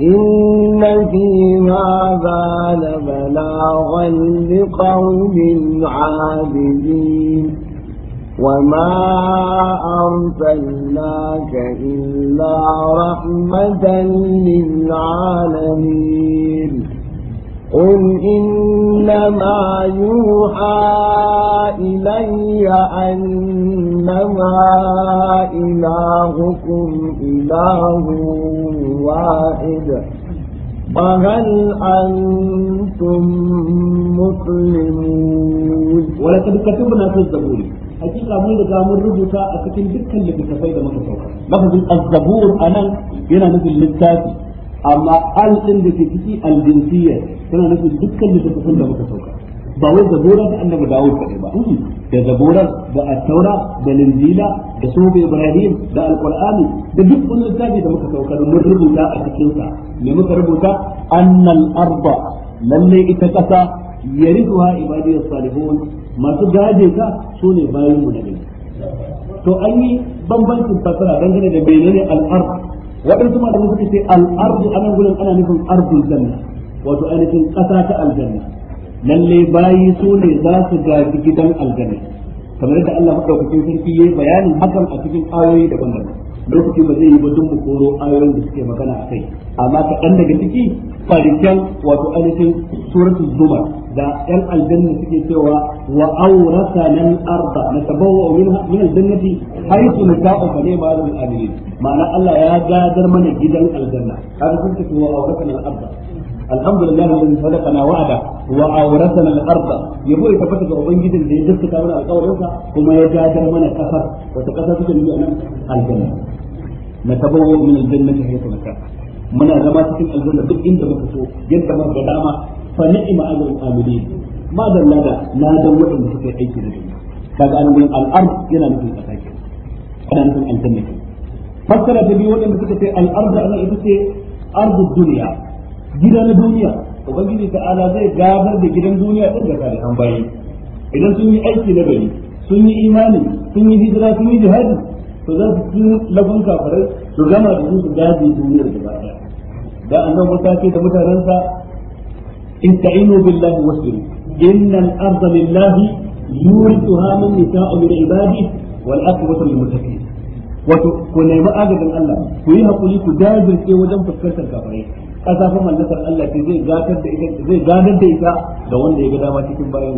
إن في هذا لبلاغا لقوم عابدين وما أرسلناك إلا رحمة للعالمين قل إنما يوحى إلي أنما إلهكم إله واحد فهل أنتم مسلمون ولقد كتبنا في الزبور hakika mun riga mun rubuta a cikin dukkan littattafai da muka sauka lafazin az-zabur anan yana nufin littafi amma al din da ke ciki al-jinsiyya yana nufin dukkan littattafan da muka sauka ba wai zabura da annabi Dawud kaɗai ba da zabura da at-taura da linjila da sunan Ibrahim da al-Qur'ani da duk wani littafi da muka sauka mun rubuta a cikin sa me muka rubuta annal arba lalle ita kasa yarithuha ibadiyus salihun masu gaje ka su ne bayan mu da to an yi bambancin fasara dangane da menene al'ard waɗansu ma da suka ce al'ard a nan ana nufin ardul janna wato ainihin ƙasa ta aljanna lalle bayi su ne za su gaji gidan aljanna kamar yadda Allah madaukakin sarki yayi bayanin hakan a cikin ayoyi daban-daban lokaci ba zai yi ba duk koro ayoyin da suke magana a kai amma kaɗan daga ciki farikan wato ainihin suratu zumar da yan aljanna suke cewa wa awrasa nan arda natabawwa min min aljannati haythu nata'u fa ne ma al amilin ma'ana Allah ya gadar mana gidan aljanna kaga kun ce wa awrasa nan arda الحمد لله الذي صدقنا وعده وأورثنا الأرض يبوي تفتح أبنجد اللي يدفت من القول يوكا وما يجادر من الكفر وتقصد الجنة الجنة نتبوأ من الجنة حيث نشاء muna zama cikin aljanna duk inda muka so yadda muka ga dama fa ni'ma ajrul amilin ma dalla da na dan wadanda suka yi aiki da duniya kaga an gurin al-ard yana nufin kasa ke ana nufin aljanna ke fassara ta biyu wadanda suka ce al-ard ana ita ce ardu dunya gida na duniya ubangiji ta'ala zai gabar da gidan duniya din da idan sun yi aiki na gari sun yi imani sun yi hijira sun yi to za su ci labun kafirai su gama da su gaji duniyar gaba ɗaya da annan musa ce da mutanensa in ta'inu billahi wasbiru innal arda lillahi yurithuha man yasha'u min ibadihi wal aqwatu lil muttaqin wato ku nemi agajin Allah ku yi hakuri ku dajirce wajen fuskantar kafirai kasa fa mallakar Allah ce zai gadar da ita zai gadar da ita da wanda ya ga dama cikin bayan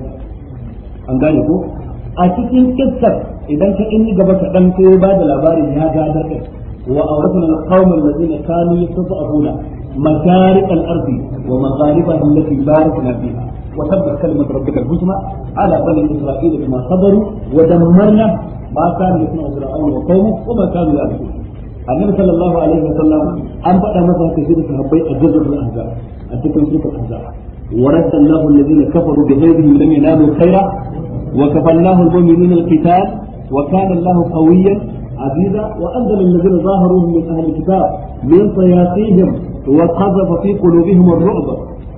an gane ko a cikin kissar idan ka in gaba ka dan sai ba da labarin ya gadar kai wa awratna alqawma alladhina kanu yasfahuna masariq al-ard wa magharibaha allati barakna fiha wa tabbat kalimat rabbika al-husna ala bani isra'ila bima sabaru wa dammarna ma kana yasna fir'aun wa qawmuhu wa ma kanu ya'lamun annabi sallallahu alaihi wa sallam an faɗa masa haka shi da sahabbai a jazzabul ahzab a cikin sura ahzab ورد الله الذين كفروا بغيظهم لم ينالوا خيرا وكفى الله المؤمنين القتال وكان الله قويا عزيزا وأنزل الذين ظاهروا من أهل الكتاب من صياصيهم وقذف في قلوبهم الرعب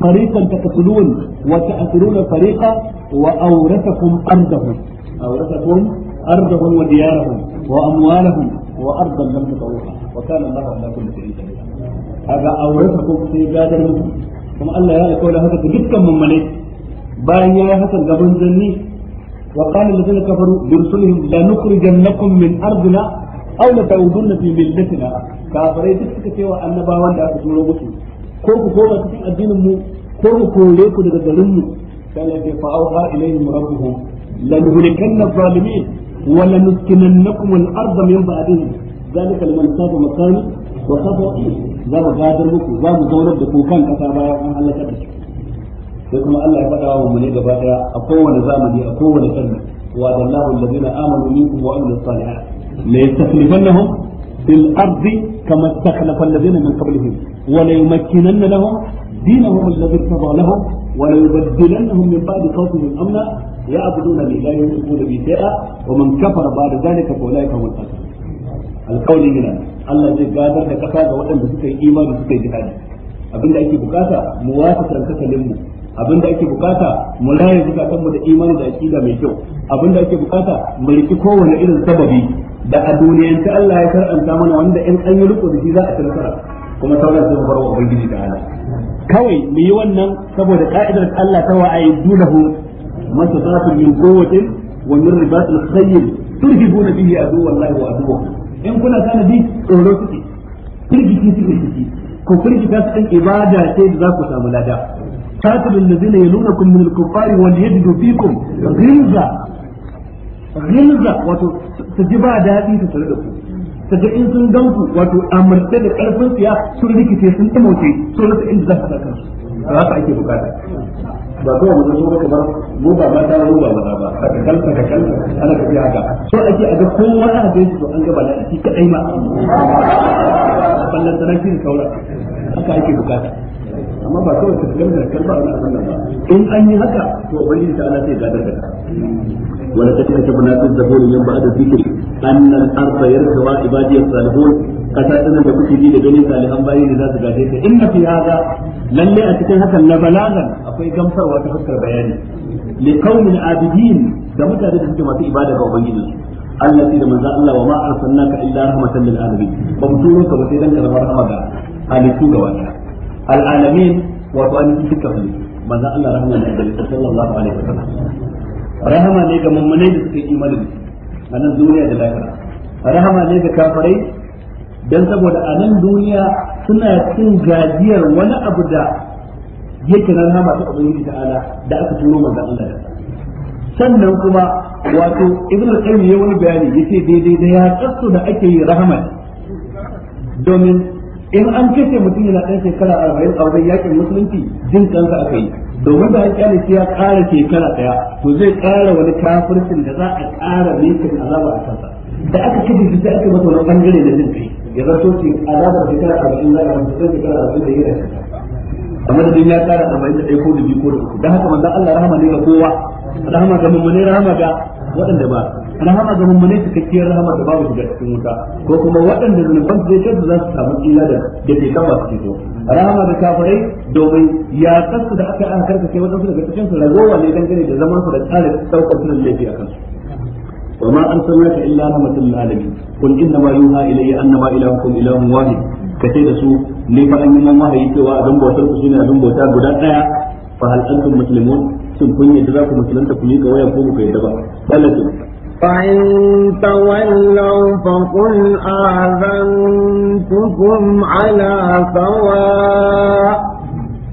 فريقا تقتلون وتأثرون فريقا وأورثكم أرضهم أورثكم أرضهم وديارهم وأموالهم وأرضا لم تطوها وكان الله على كل شيء قدير هذا أورثكم في بلاد المسلمين كما يا يقول هذا دكا من ملك باين يا حسن قبل ذني وقال الذين كفروا برسلهم لنخرجنكم من أرضنا أو لتعودن في ملتنا كافرين تكتك سوى أن باوان دعا تسولو بسو كوكو كوما تكي الدين مو كوكو كوليكو دعا دلمو قال فأوها إليهم ربهم لنهلكن الظالمين ولنسكننكم الأرض من بعدهم ذلك لمن خاف مقامي وخاف وقيل ذا غادر بكم ذا مزورب بكم كان كتابا عن الله تبارك sai kuma Allah ya faɗa wa mummune gaba daya a kowane zamani a kowane karni wa dallahu alladhina amanu minkum wa amilus salihat la yastaklifannahum fil ardi kama istakhlafa alladhina min qablihim wa la yumakkinanna lahum دينهم الذي ارتضى da kasa ga waɗanda suka yi imani suka yi jihadi abinda ake bukata muwafatar kasalin mu abin da ake bukata mu laye zukatan mu da imani da aqida mai kyau abin da ake bukata mu riki kowane irin sababi da a duniyance Allah ya karanta mana wanda in an yi riko da shi za a ci nasara kuma sauran sai mu bar wa ubangiji da Allah kawai mu yi wannan saboda ka'idar Allah ta wa'ayi dunahu masatatu min quwwatin wa min ribatil khayl turhibuna bihi adu wallahi wa adu in kuna bi tsoro suke firgiti suke ciki ko firgita su ibada ce da za ku samu lada قاتلوا الذين يلونكم من الكفار وليجدوا فيكم غلظة غلظة wato su ji ba daɗi su tare da ku su ga in sun gan ku wato amurce da ƙarfin sun rikice sun tamauce sun rasa inda za su saka su ba haka ake bukata ba kawai mu zo ka bar mu ba ma ta ruwa ba ba ka kalka ka kalka ana so ake a ga kowa a ma ake amma ba kawai ka gamsa da kalma ana sallah ba in an yi haka to ubangiji ta Allah sai gadar da ka wala ta aka bana tun da hori yan ba'da zikri annal arda yarkawa ibadi salihun kasa tana da kuke ji da ganin salihan bayi da za su gaje ka inna fi hada lalle a cikin hakan na balagan akwai gamsarwa ta fuskar bayani li qaumin abidin da mutane da suke masu ibada ga ubangiji Allah da manzo Allah wa ma arsalnaka illa rahmatan lil alamin ba mu turo ka ba sai dan karamar rahama ga halittu ga wannan al'alamin wato an duka fa manzo Allah rahama ne da sallallahu alaihi wa sallam rahama ne ga mummunai da suke imani da a nan duniya da lafiya rahama ne ga kafirai dan saboda a nan duniya suna cin gajiyar wani abu da yake nan rahama ta ubangiji ta'ala da aka turo manzo Allah da sannan kuma wato ibn al-qayyim ya wani bayani yace daidai da ya tsatsu da ake yi rahama domin in an kace mutum yana ɗan shekara arba'in a wajen yakin musulunci jin kansa aka yi domin da an kyale sai ya ƙara shekara ɗaya to zai ƙara wani kafircin da za a ƙara mekin azaba a kansa da aka kace sai aka masa wani bangare na jin kai ya zato ce azabar shekara arba'in za a mutum shekara arba'in da yana amma da ya ƙara arba'in da ɗaya ko da biyu ko da uku don haka manzon Allah rahama ne ga kowa rahama ga mummune rahama ga waɗanda ba rahama ga mummune cikakkiyar rahama da babu shiga cikin wuta ko kuma waɗanda zunuban su zai za su samu kila da da ke kan masu fito rahama da kafirai domin ya kasu da aka aka karkace waɗansu daga cikin su ragowa ne dangane da zaman su da tsare ɗaukar su da laifi a kansu وما أرسلناك إلا رحمة للعالمين قل إنما يوحى إلي أنما إلهكم إله واحد كثير سوء لما أن الله يتوى ذنب وتركسين ذنب وتابدا فهل أنتم مسلمون sun kun za ku musulunta ku yi ga waya ko ku yadda ba فإن تولوا فقل آذنتكم على سواء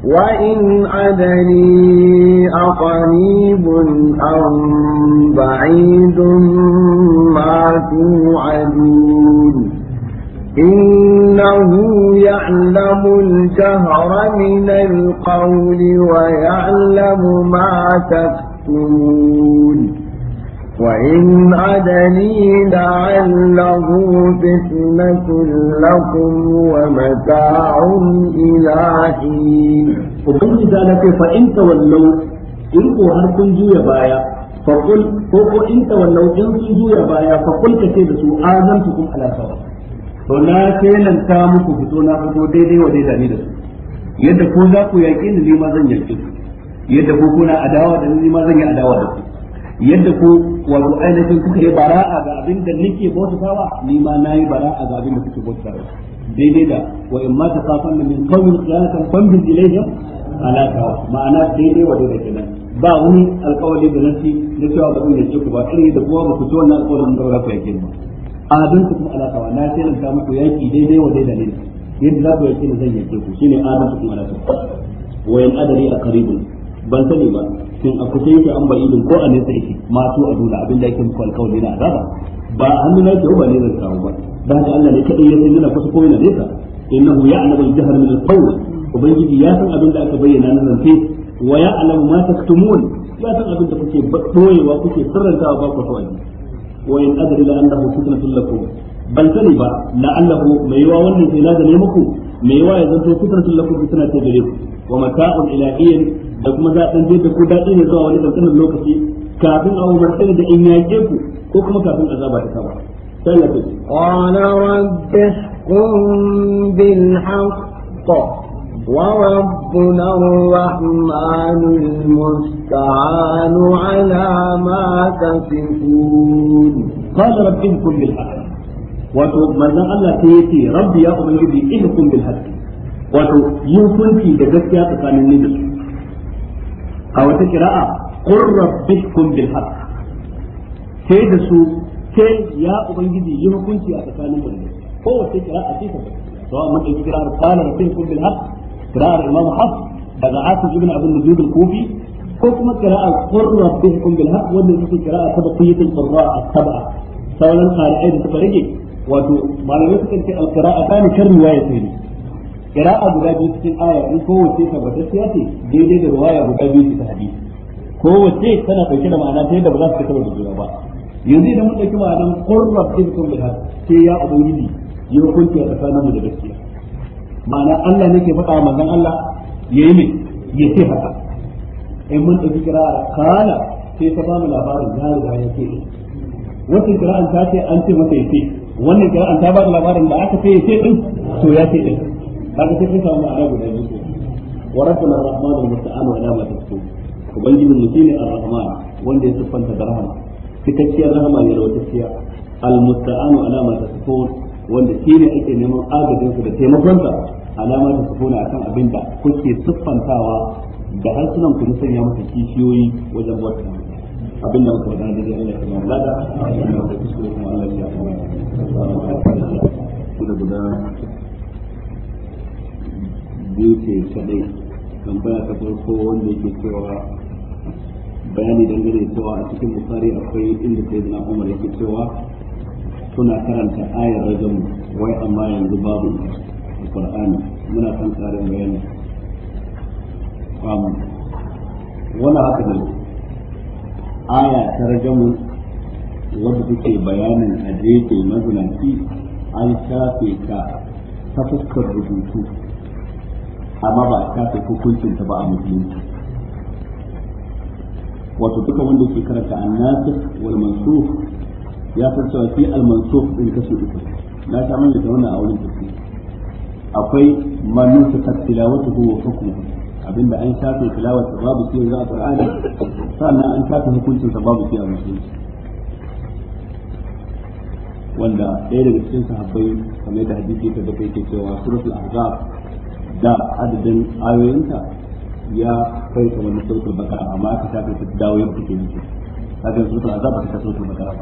وإن أدري أقريب أم بعيد ما توعدون إنه يعلم الجهر من القول ويعلم ما تكتمون وإن عدني لعله فتنة لكم ومتاع إلى حين وبني ذلك فإن تولوا إن قهر كنجو يا بايا فقل فوق إن تولوا إن كنجو يا بايا فقل كتير سوء آذنتكم على سواء ولا كيلن تامكم فتونا فتو ديدي وديداني دسو yadda ko za ku yaƙi ni ma zan yaƙi yadda ko kuna adawa da ni ma zan yi adawa da ku yadda ku wato ainihin kuka yi bara'a ga abin da nake bautawa ni ma nayi bara'a ga abin da kuke bautawa daidai da wa in ma ta safan da min qawmin khiyanatan fambil ilayhim ala tawa ma'ana daidai wa daidai kenan ba wani alƙawari da nasi na cewa ba zan yace ku ba irin da kuma ba ku ci wannan alƙawarin da ba ku yake ba Abin ku ala tawa na sai ran ta muku yaki daidai wa daidai ne yadda za ku yake zan yake ku shine adun ku ala tawa wa in adari a qaribun ban sani ba shin a kusa yake an ko a nesa yake masu a duna abin da yake muku alkawari na azaba ba a hannu na ba ne zai samu ba da haka Allah ne kadai ya san yana kusa ko yana nesa innahu ya'lamu al-jahr min al ubangiji ya san abin da aka bayyana na zance wa ya'lamu ma taktumun ya san abin da kuke kuke ba ku tawani wa in ban sani ba mai yawa wannan sai na da ne muku mai yawa ya zanto fitnatun lakum ta wa mata'un ila da kuma za a ɗan jefe ko daɗi ne zuwa wani ɗanɗanar lokaci kafin a umartani da in yaƙe ku ko kuma kafin azaba ta kama سلكت قال رب احكم بالحق وربنا الرحمن المستعان على ما تصفون قال رب احكم بالحق wato manzon Allah sai yace rabbi ya ubangiji ihkum bil haqq wato yin kunci da gaskiya tsakanin ni da su a wata kira'a qur rabbikum bil haqq sai da su sai ya ubangiji yi hukunci a tsakanin mu ko wata kira'a ce ta to amma da kira'ar qala rabbikum bil haqq kira'ar imam hafs daga asim ibn abdul nujud al kufi ko kuma kira'ar qur rabbikum bil haqq wanda yake kira'a tabaqiyatul qurra a saba sauran qari'ai da suka rage wato malamai suka ce al-qira'atan karmi sai ne. kira'a guda biyu cikin aya in kowace tabbatacciya ce daidai da ruwaya guda biyu ta hadisi kowace tana ɗauke da ma'ana ta yadda ba za su kasa da juna ba yanzu idan mun ɗauki ma'anar qurrat tilkum bil haq ce ya ubangiji ya hukunci a tsakanin mu da gaskiya ma'ana Allah ne ke faɗa wa manzon Allah yayi ne ya ce haka in mun ɗauki kira'a kana sai ta bamu labarin ya riga ya ce wannan kira'an ta ce an ce masa ya ce wannan kira'an ta ba da labarin da aka ce ya ce din to ya ce din kaga sai kun samu ma'ana guda biyu wa rabbana ar-rahman al-musta'an wa ala ma ubangiji mu shine ar-rahman wanda ya siffanta da rahama cikakkiyar rahama ne rawatacciya al-musta'an wa ala ma tasifun wanda shine ake neman agajin su da taimakon sa alama ta sifona akan abin da kuke siffantawa da harsunan ku sanya masa kishiyoyi wajen bautar abin da muka wadana da Allah kuma lada da kuma Allah ya kuma da guda biyu ce kadai tambaya ta farko wanda yake cewa bayani dangane cewa a cikin bukari akwai inda sai na umar yake cewa suna karanta ayar rajam wai amma yanzu babu alqur'ani muna kan karin bayani um Wani haka ne aya ta rajam wadda take bayanin a jefe mazinaci an shafe ka ta fuskar rubutu amma ba a kasa hukuncin ta ba a musulunci wato duka wanda ke karanta annasikh wal mansukh ya san cewa fi al mansukh din kashi uku na ta manta ta wannan a wurin tafsir akwai manusa tattilawatuhu wa hukmuhu abinda an shafe tilawar babu shi za a Qur'ani sannan an shafe hukuncin sa babu shi a musulunci wanda ɗaya daga cikin sahabbai kamar da hadisi ta da kai ke cewa suratul ahzab da adadin ayoyinta ya kai kamar na surkul bakara amma aka shafe su dawo yadda take nufi kaga su azab ba ta sautar bakara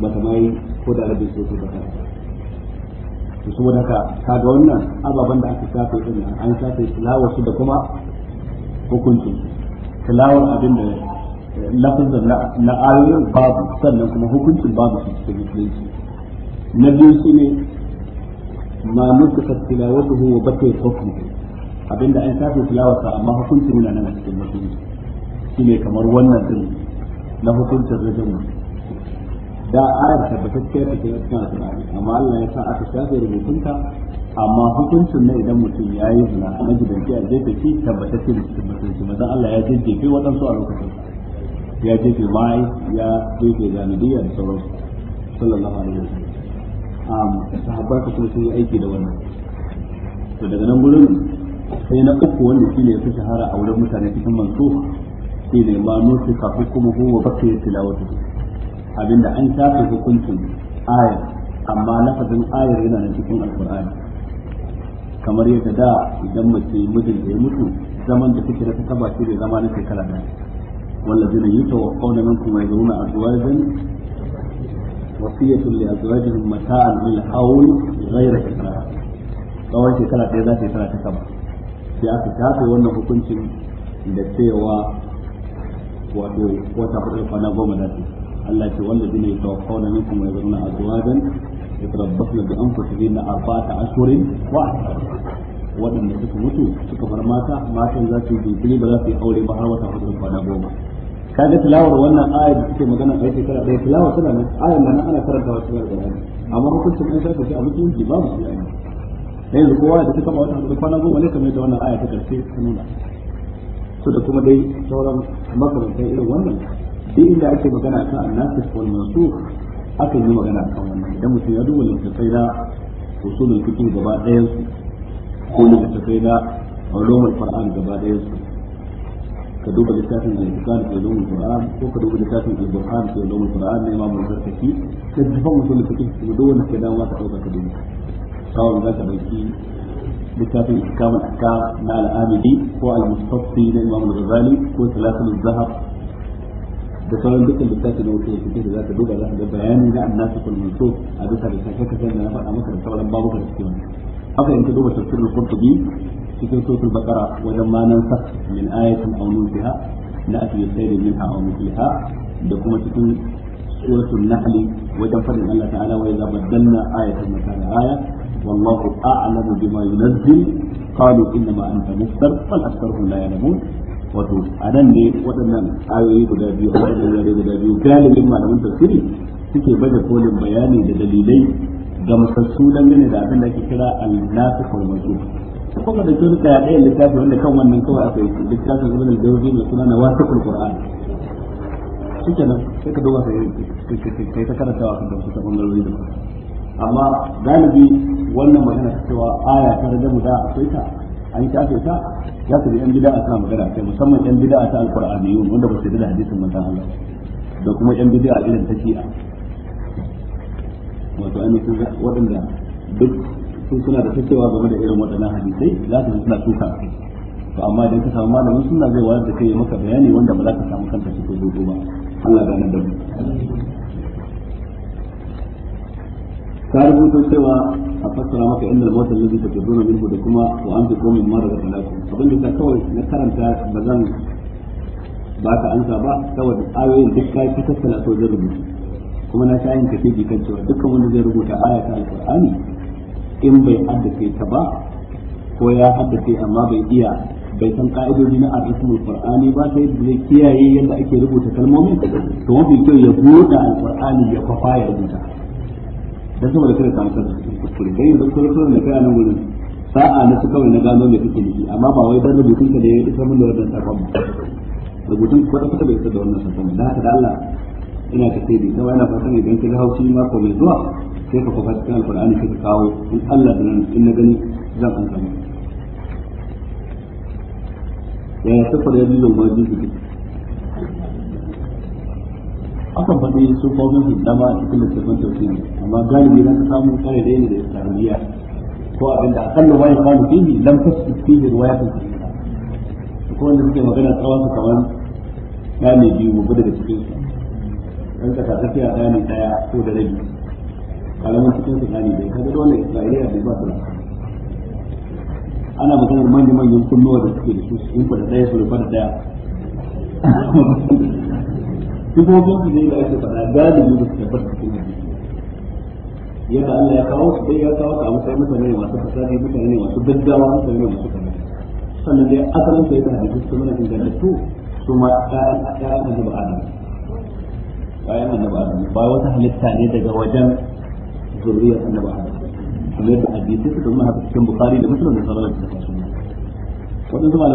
ba ta mai ko da rabin sautar bakara su wani haka kaga wannan ababen da aka shafe din nan an shafe tilawar su da kuma hukuncin tilawar abin da eh, lafazin na ayoyin babu sannan kuma hukuncin babu su cikin musulunci na biyu ne ma nuqsat tilawatuhu wa batta hukmuhu abinda an kafe tilawarsa amma hukunci muna nan a cikin musulmi shine kamar wannan din na hukuncin rajin da ayar ba ta cikin alƙur'ani amma Allah ya sa aka shafe ta amma hukuncin na idan mutum ya yi zina a magidanci a jefefi tabbatacce da cikin mutunci mazan Allah ya jefefi waɗansu a lokacin ya jefe mai ya jefe zanidiyya da sauransu sallallahu alaihi wasallam sahabbansa kuma sun yi aiki da wannan to daga nan gurin sai na uku wanda shine ya fi shahara a wurin mutane cikin manso shine ma nusi kafu kuma huwa bakai tilawatu abinda an shafe hukuncin ayar amma lafazin ayar yana nan cikin alkurani kamar yadda da idan mace mijin da ya mutu zaman da take da ta kaba shi ne zama na shekara daya wallazina yutawaffawna minkum wa azwajan wasiyatu li azwajihim mata'an lil hawl ghayra ikrar tsawon shekara ɗaya za ta yi tana aka tafe wannan hukuncin da cewa su Allah wanda zai yi tawakkawna minkum wa yazruna azwajan yatarabbasna bi anfusihinna arba'ata ashhurin wa suka mutu suka bar mata matan za ba yi aure ba har wata goma kaga tilawar wannan ayar da suke magana a shekara ɗaya tilawar tana nan ayar na nan ana karanta wa cikin alƙur'ani amma hukuncin an shafa shi a musulunci babu shi ayi sai yanzu kowa da suka ba wata hudu kwana goma ne kamar da wannan aya ta karshe ta nuna to da kuma dai sauran makamantan irin wannan duk inda ake magana kan annasis wal mansukh akan yi magana kan wannan idan mutum ya duba littattafai na usulul fiqh gaba ɗayan su ko littattafai na ulumul qur'an gaba ɗayan su ka duba littafin al-bukhari da ulumul qur'an ko ka duba littafin al-burhan da ulumul qur'an na imam al-zarqi da dukkan usul fiqh kuma duk wanda ka dawo ka dauka ka duba kawai za ka dauki littafin ihkam al-ahkam na al-amidi ko al-mustafti na imam al-ghazali ko salatul zahab da sauran dukkan littafi na wasu yake da za ka duba za ka ga bayani na annasu kul mansub a bisa da sake kasan da na faɗa maka da sauran babuka da suke wani haka in ka duba tafsirin qurtubi cikin suratul bakara wajen manan sak min ayatin aw nusiha la ati sayrin minha aw mithliha da kuma cikin suratul nahli wajen fadin Allah ta'ala wa idza badalna ayatan makana aya wallahu a'lamu bima yunazzil qalu inna ma anta muftar fal aktharuhum la ya'lamun wato a nan ne waɗannan ayoyi guda biyu a waɗannan yare guda biyu galibin malaman tafsiri suke baje kolin bayani da dalilai ga masassu dangane da abin da ake kira al-nafiq wal kuma da kyau da ɗaya littafin wanda kan wannan kawai aka yi littafin ibn al-jawzi mai suna na wasiqul qur'an shike nan sai ka duba ka kai ta karanta wa kan ta bangarori da amma galibi wannan magana ta cewa aya ta rage mu da akwai ta an ta ce ta ya ku yan bid'a suna magana sai musamman yan bid'a ta alqur'aniyun wanda ba su da hadisin manzon Allah da kuma yan bid'a irin ta shi'a wato ainihin waɗanda duk su suna da tacewa game da irin waɗannan hadisai za su suna tuka to amma idan ka samu malamin suna zai wayar da kai ya maka bayani wanda ba za ka samu kanta shi ko dogo ba Allah ya da mu ka rubuta cewa a fassara maka inda motar lazi ta tazo minhu da kuma wa an fi ma mara da talaka abin da kawai na karanta ba zan ba ka ansa ba kawai ayoyin duk kai ka tattala to zai rubuta kuma na sha yin kake jikan cewa dukkan wanda zai rubuta aya ta alqur'ani in bai haddace ta ba ko ya haddace amma bai iya bai san ka'idodi na arzikin alqur'ani ba sai da zai kiyaye yadda ake rubuta kalmomin to mafi kyau ya buɗe alqur'ani ya kwafa ya rubuta dan saboda kada samu kansa kuskure dai yanzu kuskure kuskure da kai a nan wurin sa'a na su kawai na gano me kake nufi amma ba wai dan rubutun ka da ya isa mun da wannan sakon ba rubutun kwata kwata bai isa da wannan sakon da haka da Allah ina tafsiri kuma ina fatan idan ka ga haushi mako mai zuwa sai ka kwafa cikin alqur'ani ka kawo in Allah da in na gani zan an samu yaya safar ya lilo ma jibi akan faɗi su kawai su dama a cikin littattafan ne amma galibi na ka samu kare da yin da tarbiyya ko abinda akalla wani kwanu fihi lam tasbit fihi riwayatun ko wanda suke magana tsawon su kamar ne biyu mu daga cikin su an kasa tafiya gani daya ko da rabi kalaman cikin su gani dai kaga wannan isra'iliya bai ba su ana maganar manyan manyan kunnuwa da suke da su su sun fada daya su rufa da daya sifofin su ne da ake fada ne da su tabbata cikin hadisi yadda Allah ya kawo su dai ya kawo su a matsayin mutane ne masu fasadi mutane ne masu gaggawa mutane ne masu kamar sannan dai asalin sai da hadisi su mana ingantattu su ma ta'an ta'an da ba adam bayan annabi adam ba wata halitta ne daga wajen zuriyar annabi adam kamar hadisi cikin bukhari da muslim da sauran da suka suna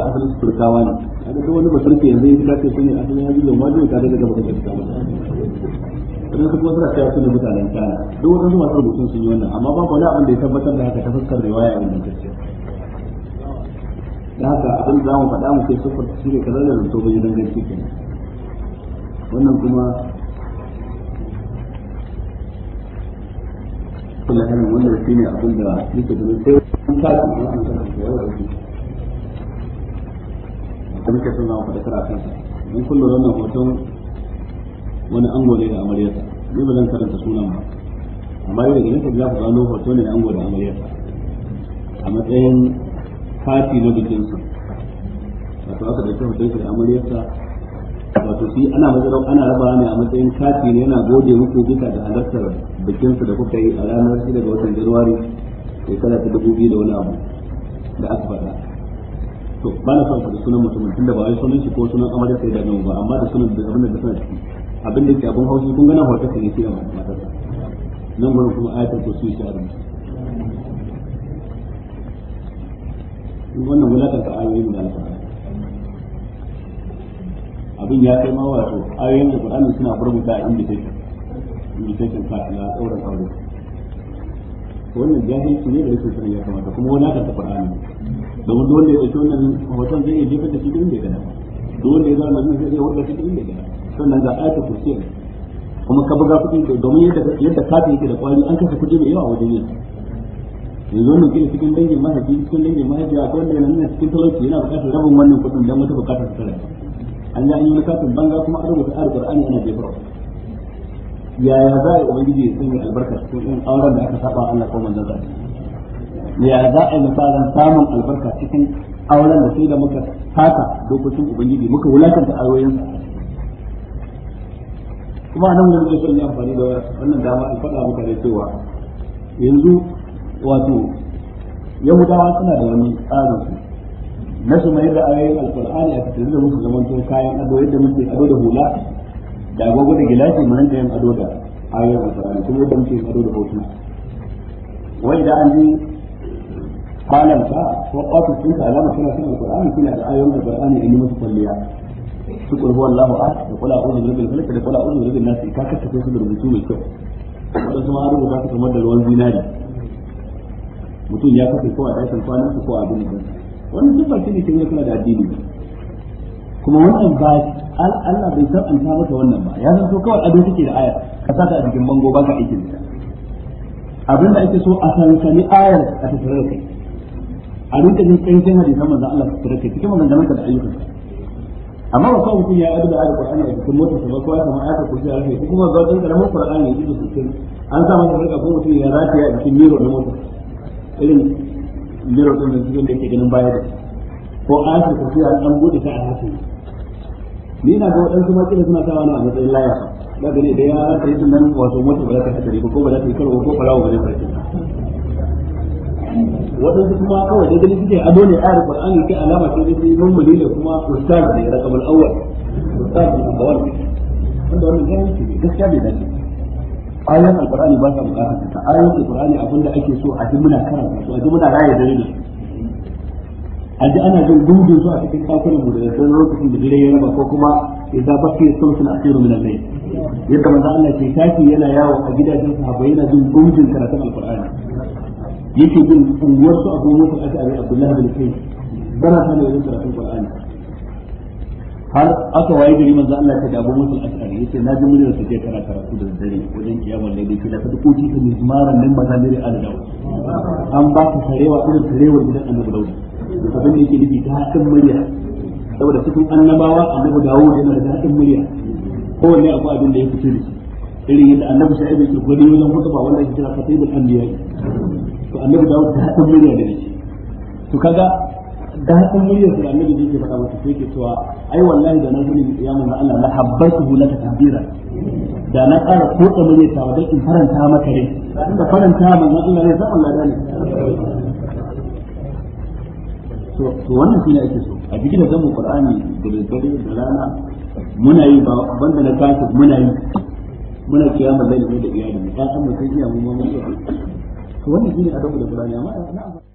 asalin turkawa ne kaga duk wani yanzu ya dace su asalin da daga da ba waɗansu kuma suna cewa su ne mutanen kana duk rubutun sun yi wannan amma babu wani abin da ya tabbatar da haka ta fuskar riwaya da haka abin da za mu faɗa mu kai sufar shi ne kaza da zanto bai kenan wannan kuma kula hana wannan shi ne abin da sai an a wannan karatu wani wani da muke son zama don kullum wannan hoton wani ango ne da amaryarsa ni ba zan karanta sunan ba amma yau daga nesa za ku gano hoton ne ango da amaryarsa a matsayin kati na bikinsu wato aka ɗauki hoton shi da amaryarsa wato shi ana mazarau ana raba ne a matsayin kati ne yana gode muku duka da halartar bikin su da kuka yi a ranar shi daga watan januwari shekara ta dubu biyu da wani abu da aka faɗa to ba na son ku da sunan mutumin tunda ba wai sunan shi ko sunan amarya sai da ba amma da sunan da abin da suna ciki abin da ke abin haushi kun gana hotar ne shi da matarsa nan gurin kuma ayatul ko shi a wannan wulatar ta ayoyin da alfa abin ya kai ma wato ayoyin da Qur'ani suna burbuta a invitation invitation card na auren aure wannan jahilci ne da yake sanin ya kamata kuma wani aka ta Qur'ani domin duk wanda ya ce wannan hoton zai iya jefa da shi din da gana duk wanda ya zama nan zai iya wanda shi din da gana sannan ga ayatul kursi kuma ka buga kudin da domin yadda yadda kafin yake da kwari an kasa kuɗi mai yawa wajen yin yanzu wannan kila cikin dangin mahaji cikin dangin mahaji a wanda yana nuna cikin talauci yana bukatar rabin wannan kudin dan wata buƙatar ta an yi an yi littafin banga kuma an rubuta ayar qur'ani ana jefarwa yaya za a yi ubangiji ya sanya albarka cikin irin auren da aka saba Allah ko manzon sa ya za a yi misalan samun albarka cikin auren da sai da muka taka dokokin ubangiji muka wulakanta ayoyin kuma nan mun zai son yi amfani da wannan dama in faɗa muka da cewa yanzu wato yahudawa suna da wani tsarin su na su mai da ayoyin alkur'ani a fitar da musu tun kayan ado yadda muke ado da hula da agogo da gilashi mu rinka yin ado da ayoyin alkur'ani kuma yadda muke ado da hotuna wai da an ji kwanan ko ofis ɗinka alama suna son alkur'ani suna da ayoyin alkur'ani a yi musu kwalliya su kulhu allahu a da kula a uzu rubin falaka da kula a uzu rubin nasi ka kasa kai su da rubutu mai kyau waɗansu ma rubuta su kamar da ruwan zinari mutum ya kafe ko a ɗakin kwanan su ko a abin da wannan duk ba shi ne kin kana da addini kuma wannan ba Allah bai san anta maka wannan ba ya san to kawai ado take da aya ka saka a cikin bango ba ka aiki da abinda ake so a san sansani aya a tsare da kai a rinka jin kankan hadisan manzon Allah ta da kai cikin maganganunka da ayyukan. amma ba kawai mutum ya yi da ayar Qur'ani a cikin motar ba ko ya samu ayar Qur'ani a rufe kuma ba zai karamin Qur'ani ya ji da sosai an sa masa rika kuma mutum ya rafiya a cikin miro na motar irin biro din da cikin da yake ganin baya da ko ayatul kursi an dan bude ta a hakan ni na ga wadansu ma kila suna tawa na a matsayin laya da gani da ya ta yi nan wato mutu ba za ta hadari ba ko ba za ta yi karo ko farawa ba zai farki waɗansu kuma kawai da gani suke ado ne ayatul qur'ani ta alama ce da sai mun da kuma ustaz da rakamul awwal ustaz da awwal wanda wannan gaskiya ne gaskiya ne ayoyin alqur'ani ba sa bukatar ta ayoyin alqur'ani abinda ake so a ji muna karanta su a ji muna raye dare da a ji ana jin gungun su a cikin kafirin mu da yadda lokacin da dare ya raba ko kuma idza baqi sulsul akhir min al-layl yadda manzo Allah ke tafi yana yawo a gidajen sahabbai yana jin gungun karatun alqur'ani yake jin wasu abubuwan da aka abi Abdullahi bin Kai bana wajen karatun alqur'ani har aka waye gari manzo Allah ta dabo mutum ashari yace na ji muryar su je kana karatu da dare wajen kiyamar ne dai da ko ji kan jimara nan ba al aldawo an ba ka sarewa irin sarewar gidan annabi Dawud abin da yake nufi ta hakan murya saboda cikin annabawa annabi Dawud yana da hakan murya kowanne abu abin da ya fito da shi irin yadda annabi Sa'id yake gwani wajen hutuba wanda yake kira da anbiya to annabi Dawud ta hakan murya da shi to kaga daɗin muryar da annabi yake faɗa masa sai ke cewa ai wallahi da na gani ya na Allah laka tabira da na ƙara muryar ta wajen in faranta maka rai da faranta Allah ne sai Allah ne to to wannan shine ake so a cikin da mu Qur'ani da daddare da rana muna yi ba banda na kasu muna yi muna kiyamun laili da iyali mu ta san mu sai iya mu mu to wannan shine adabu da Qur'ani amma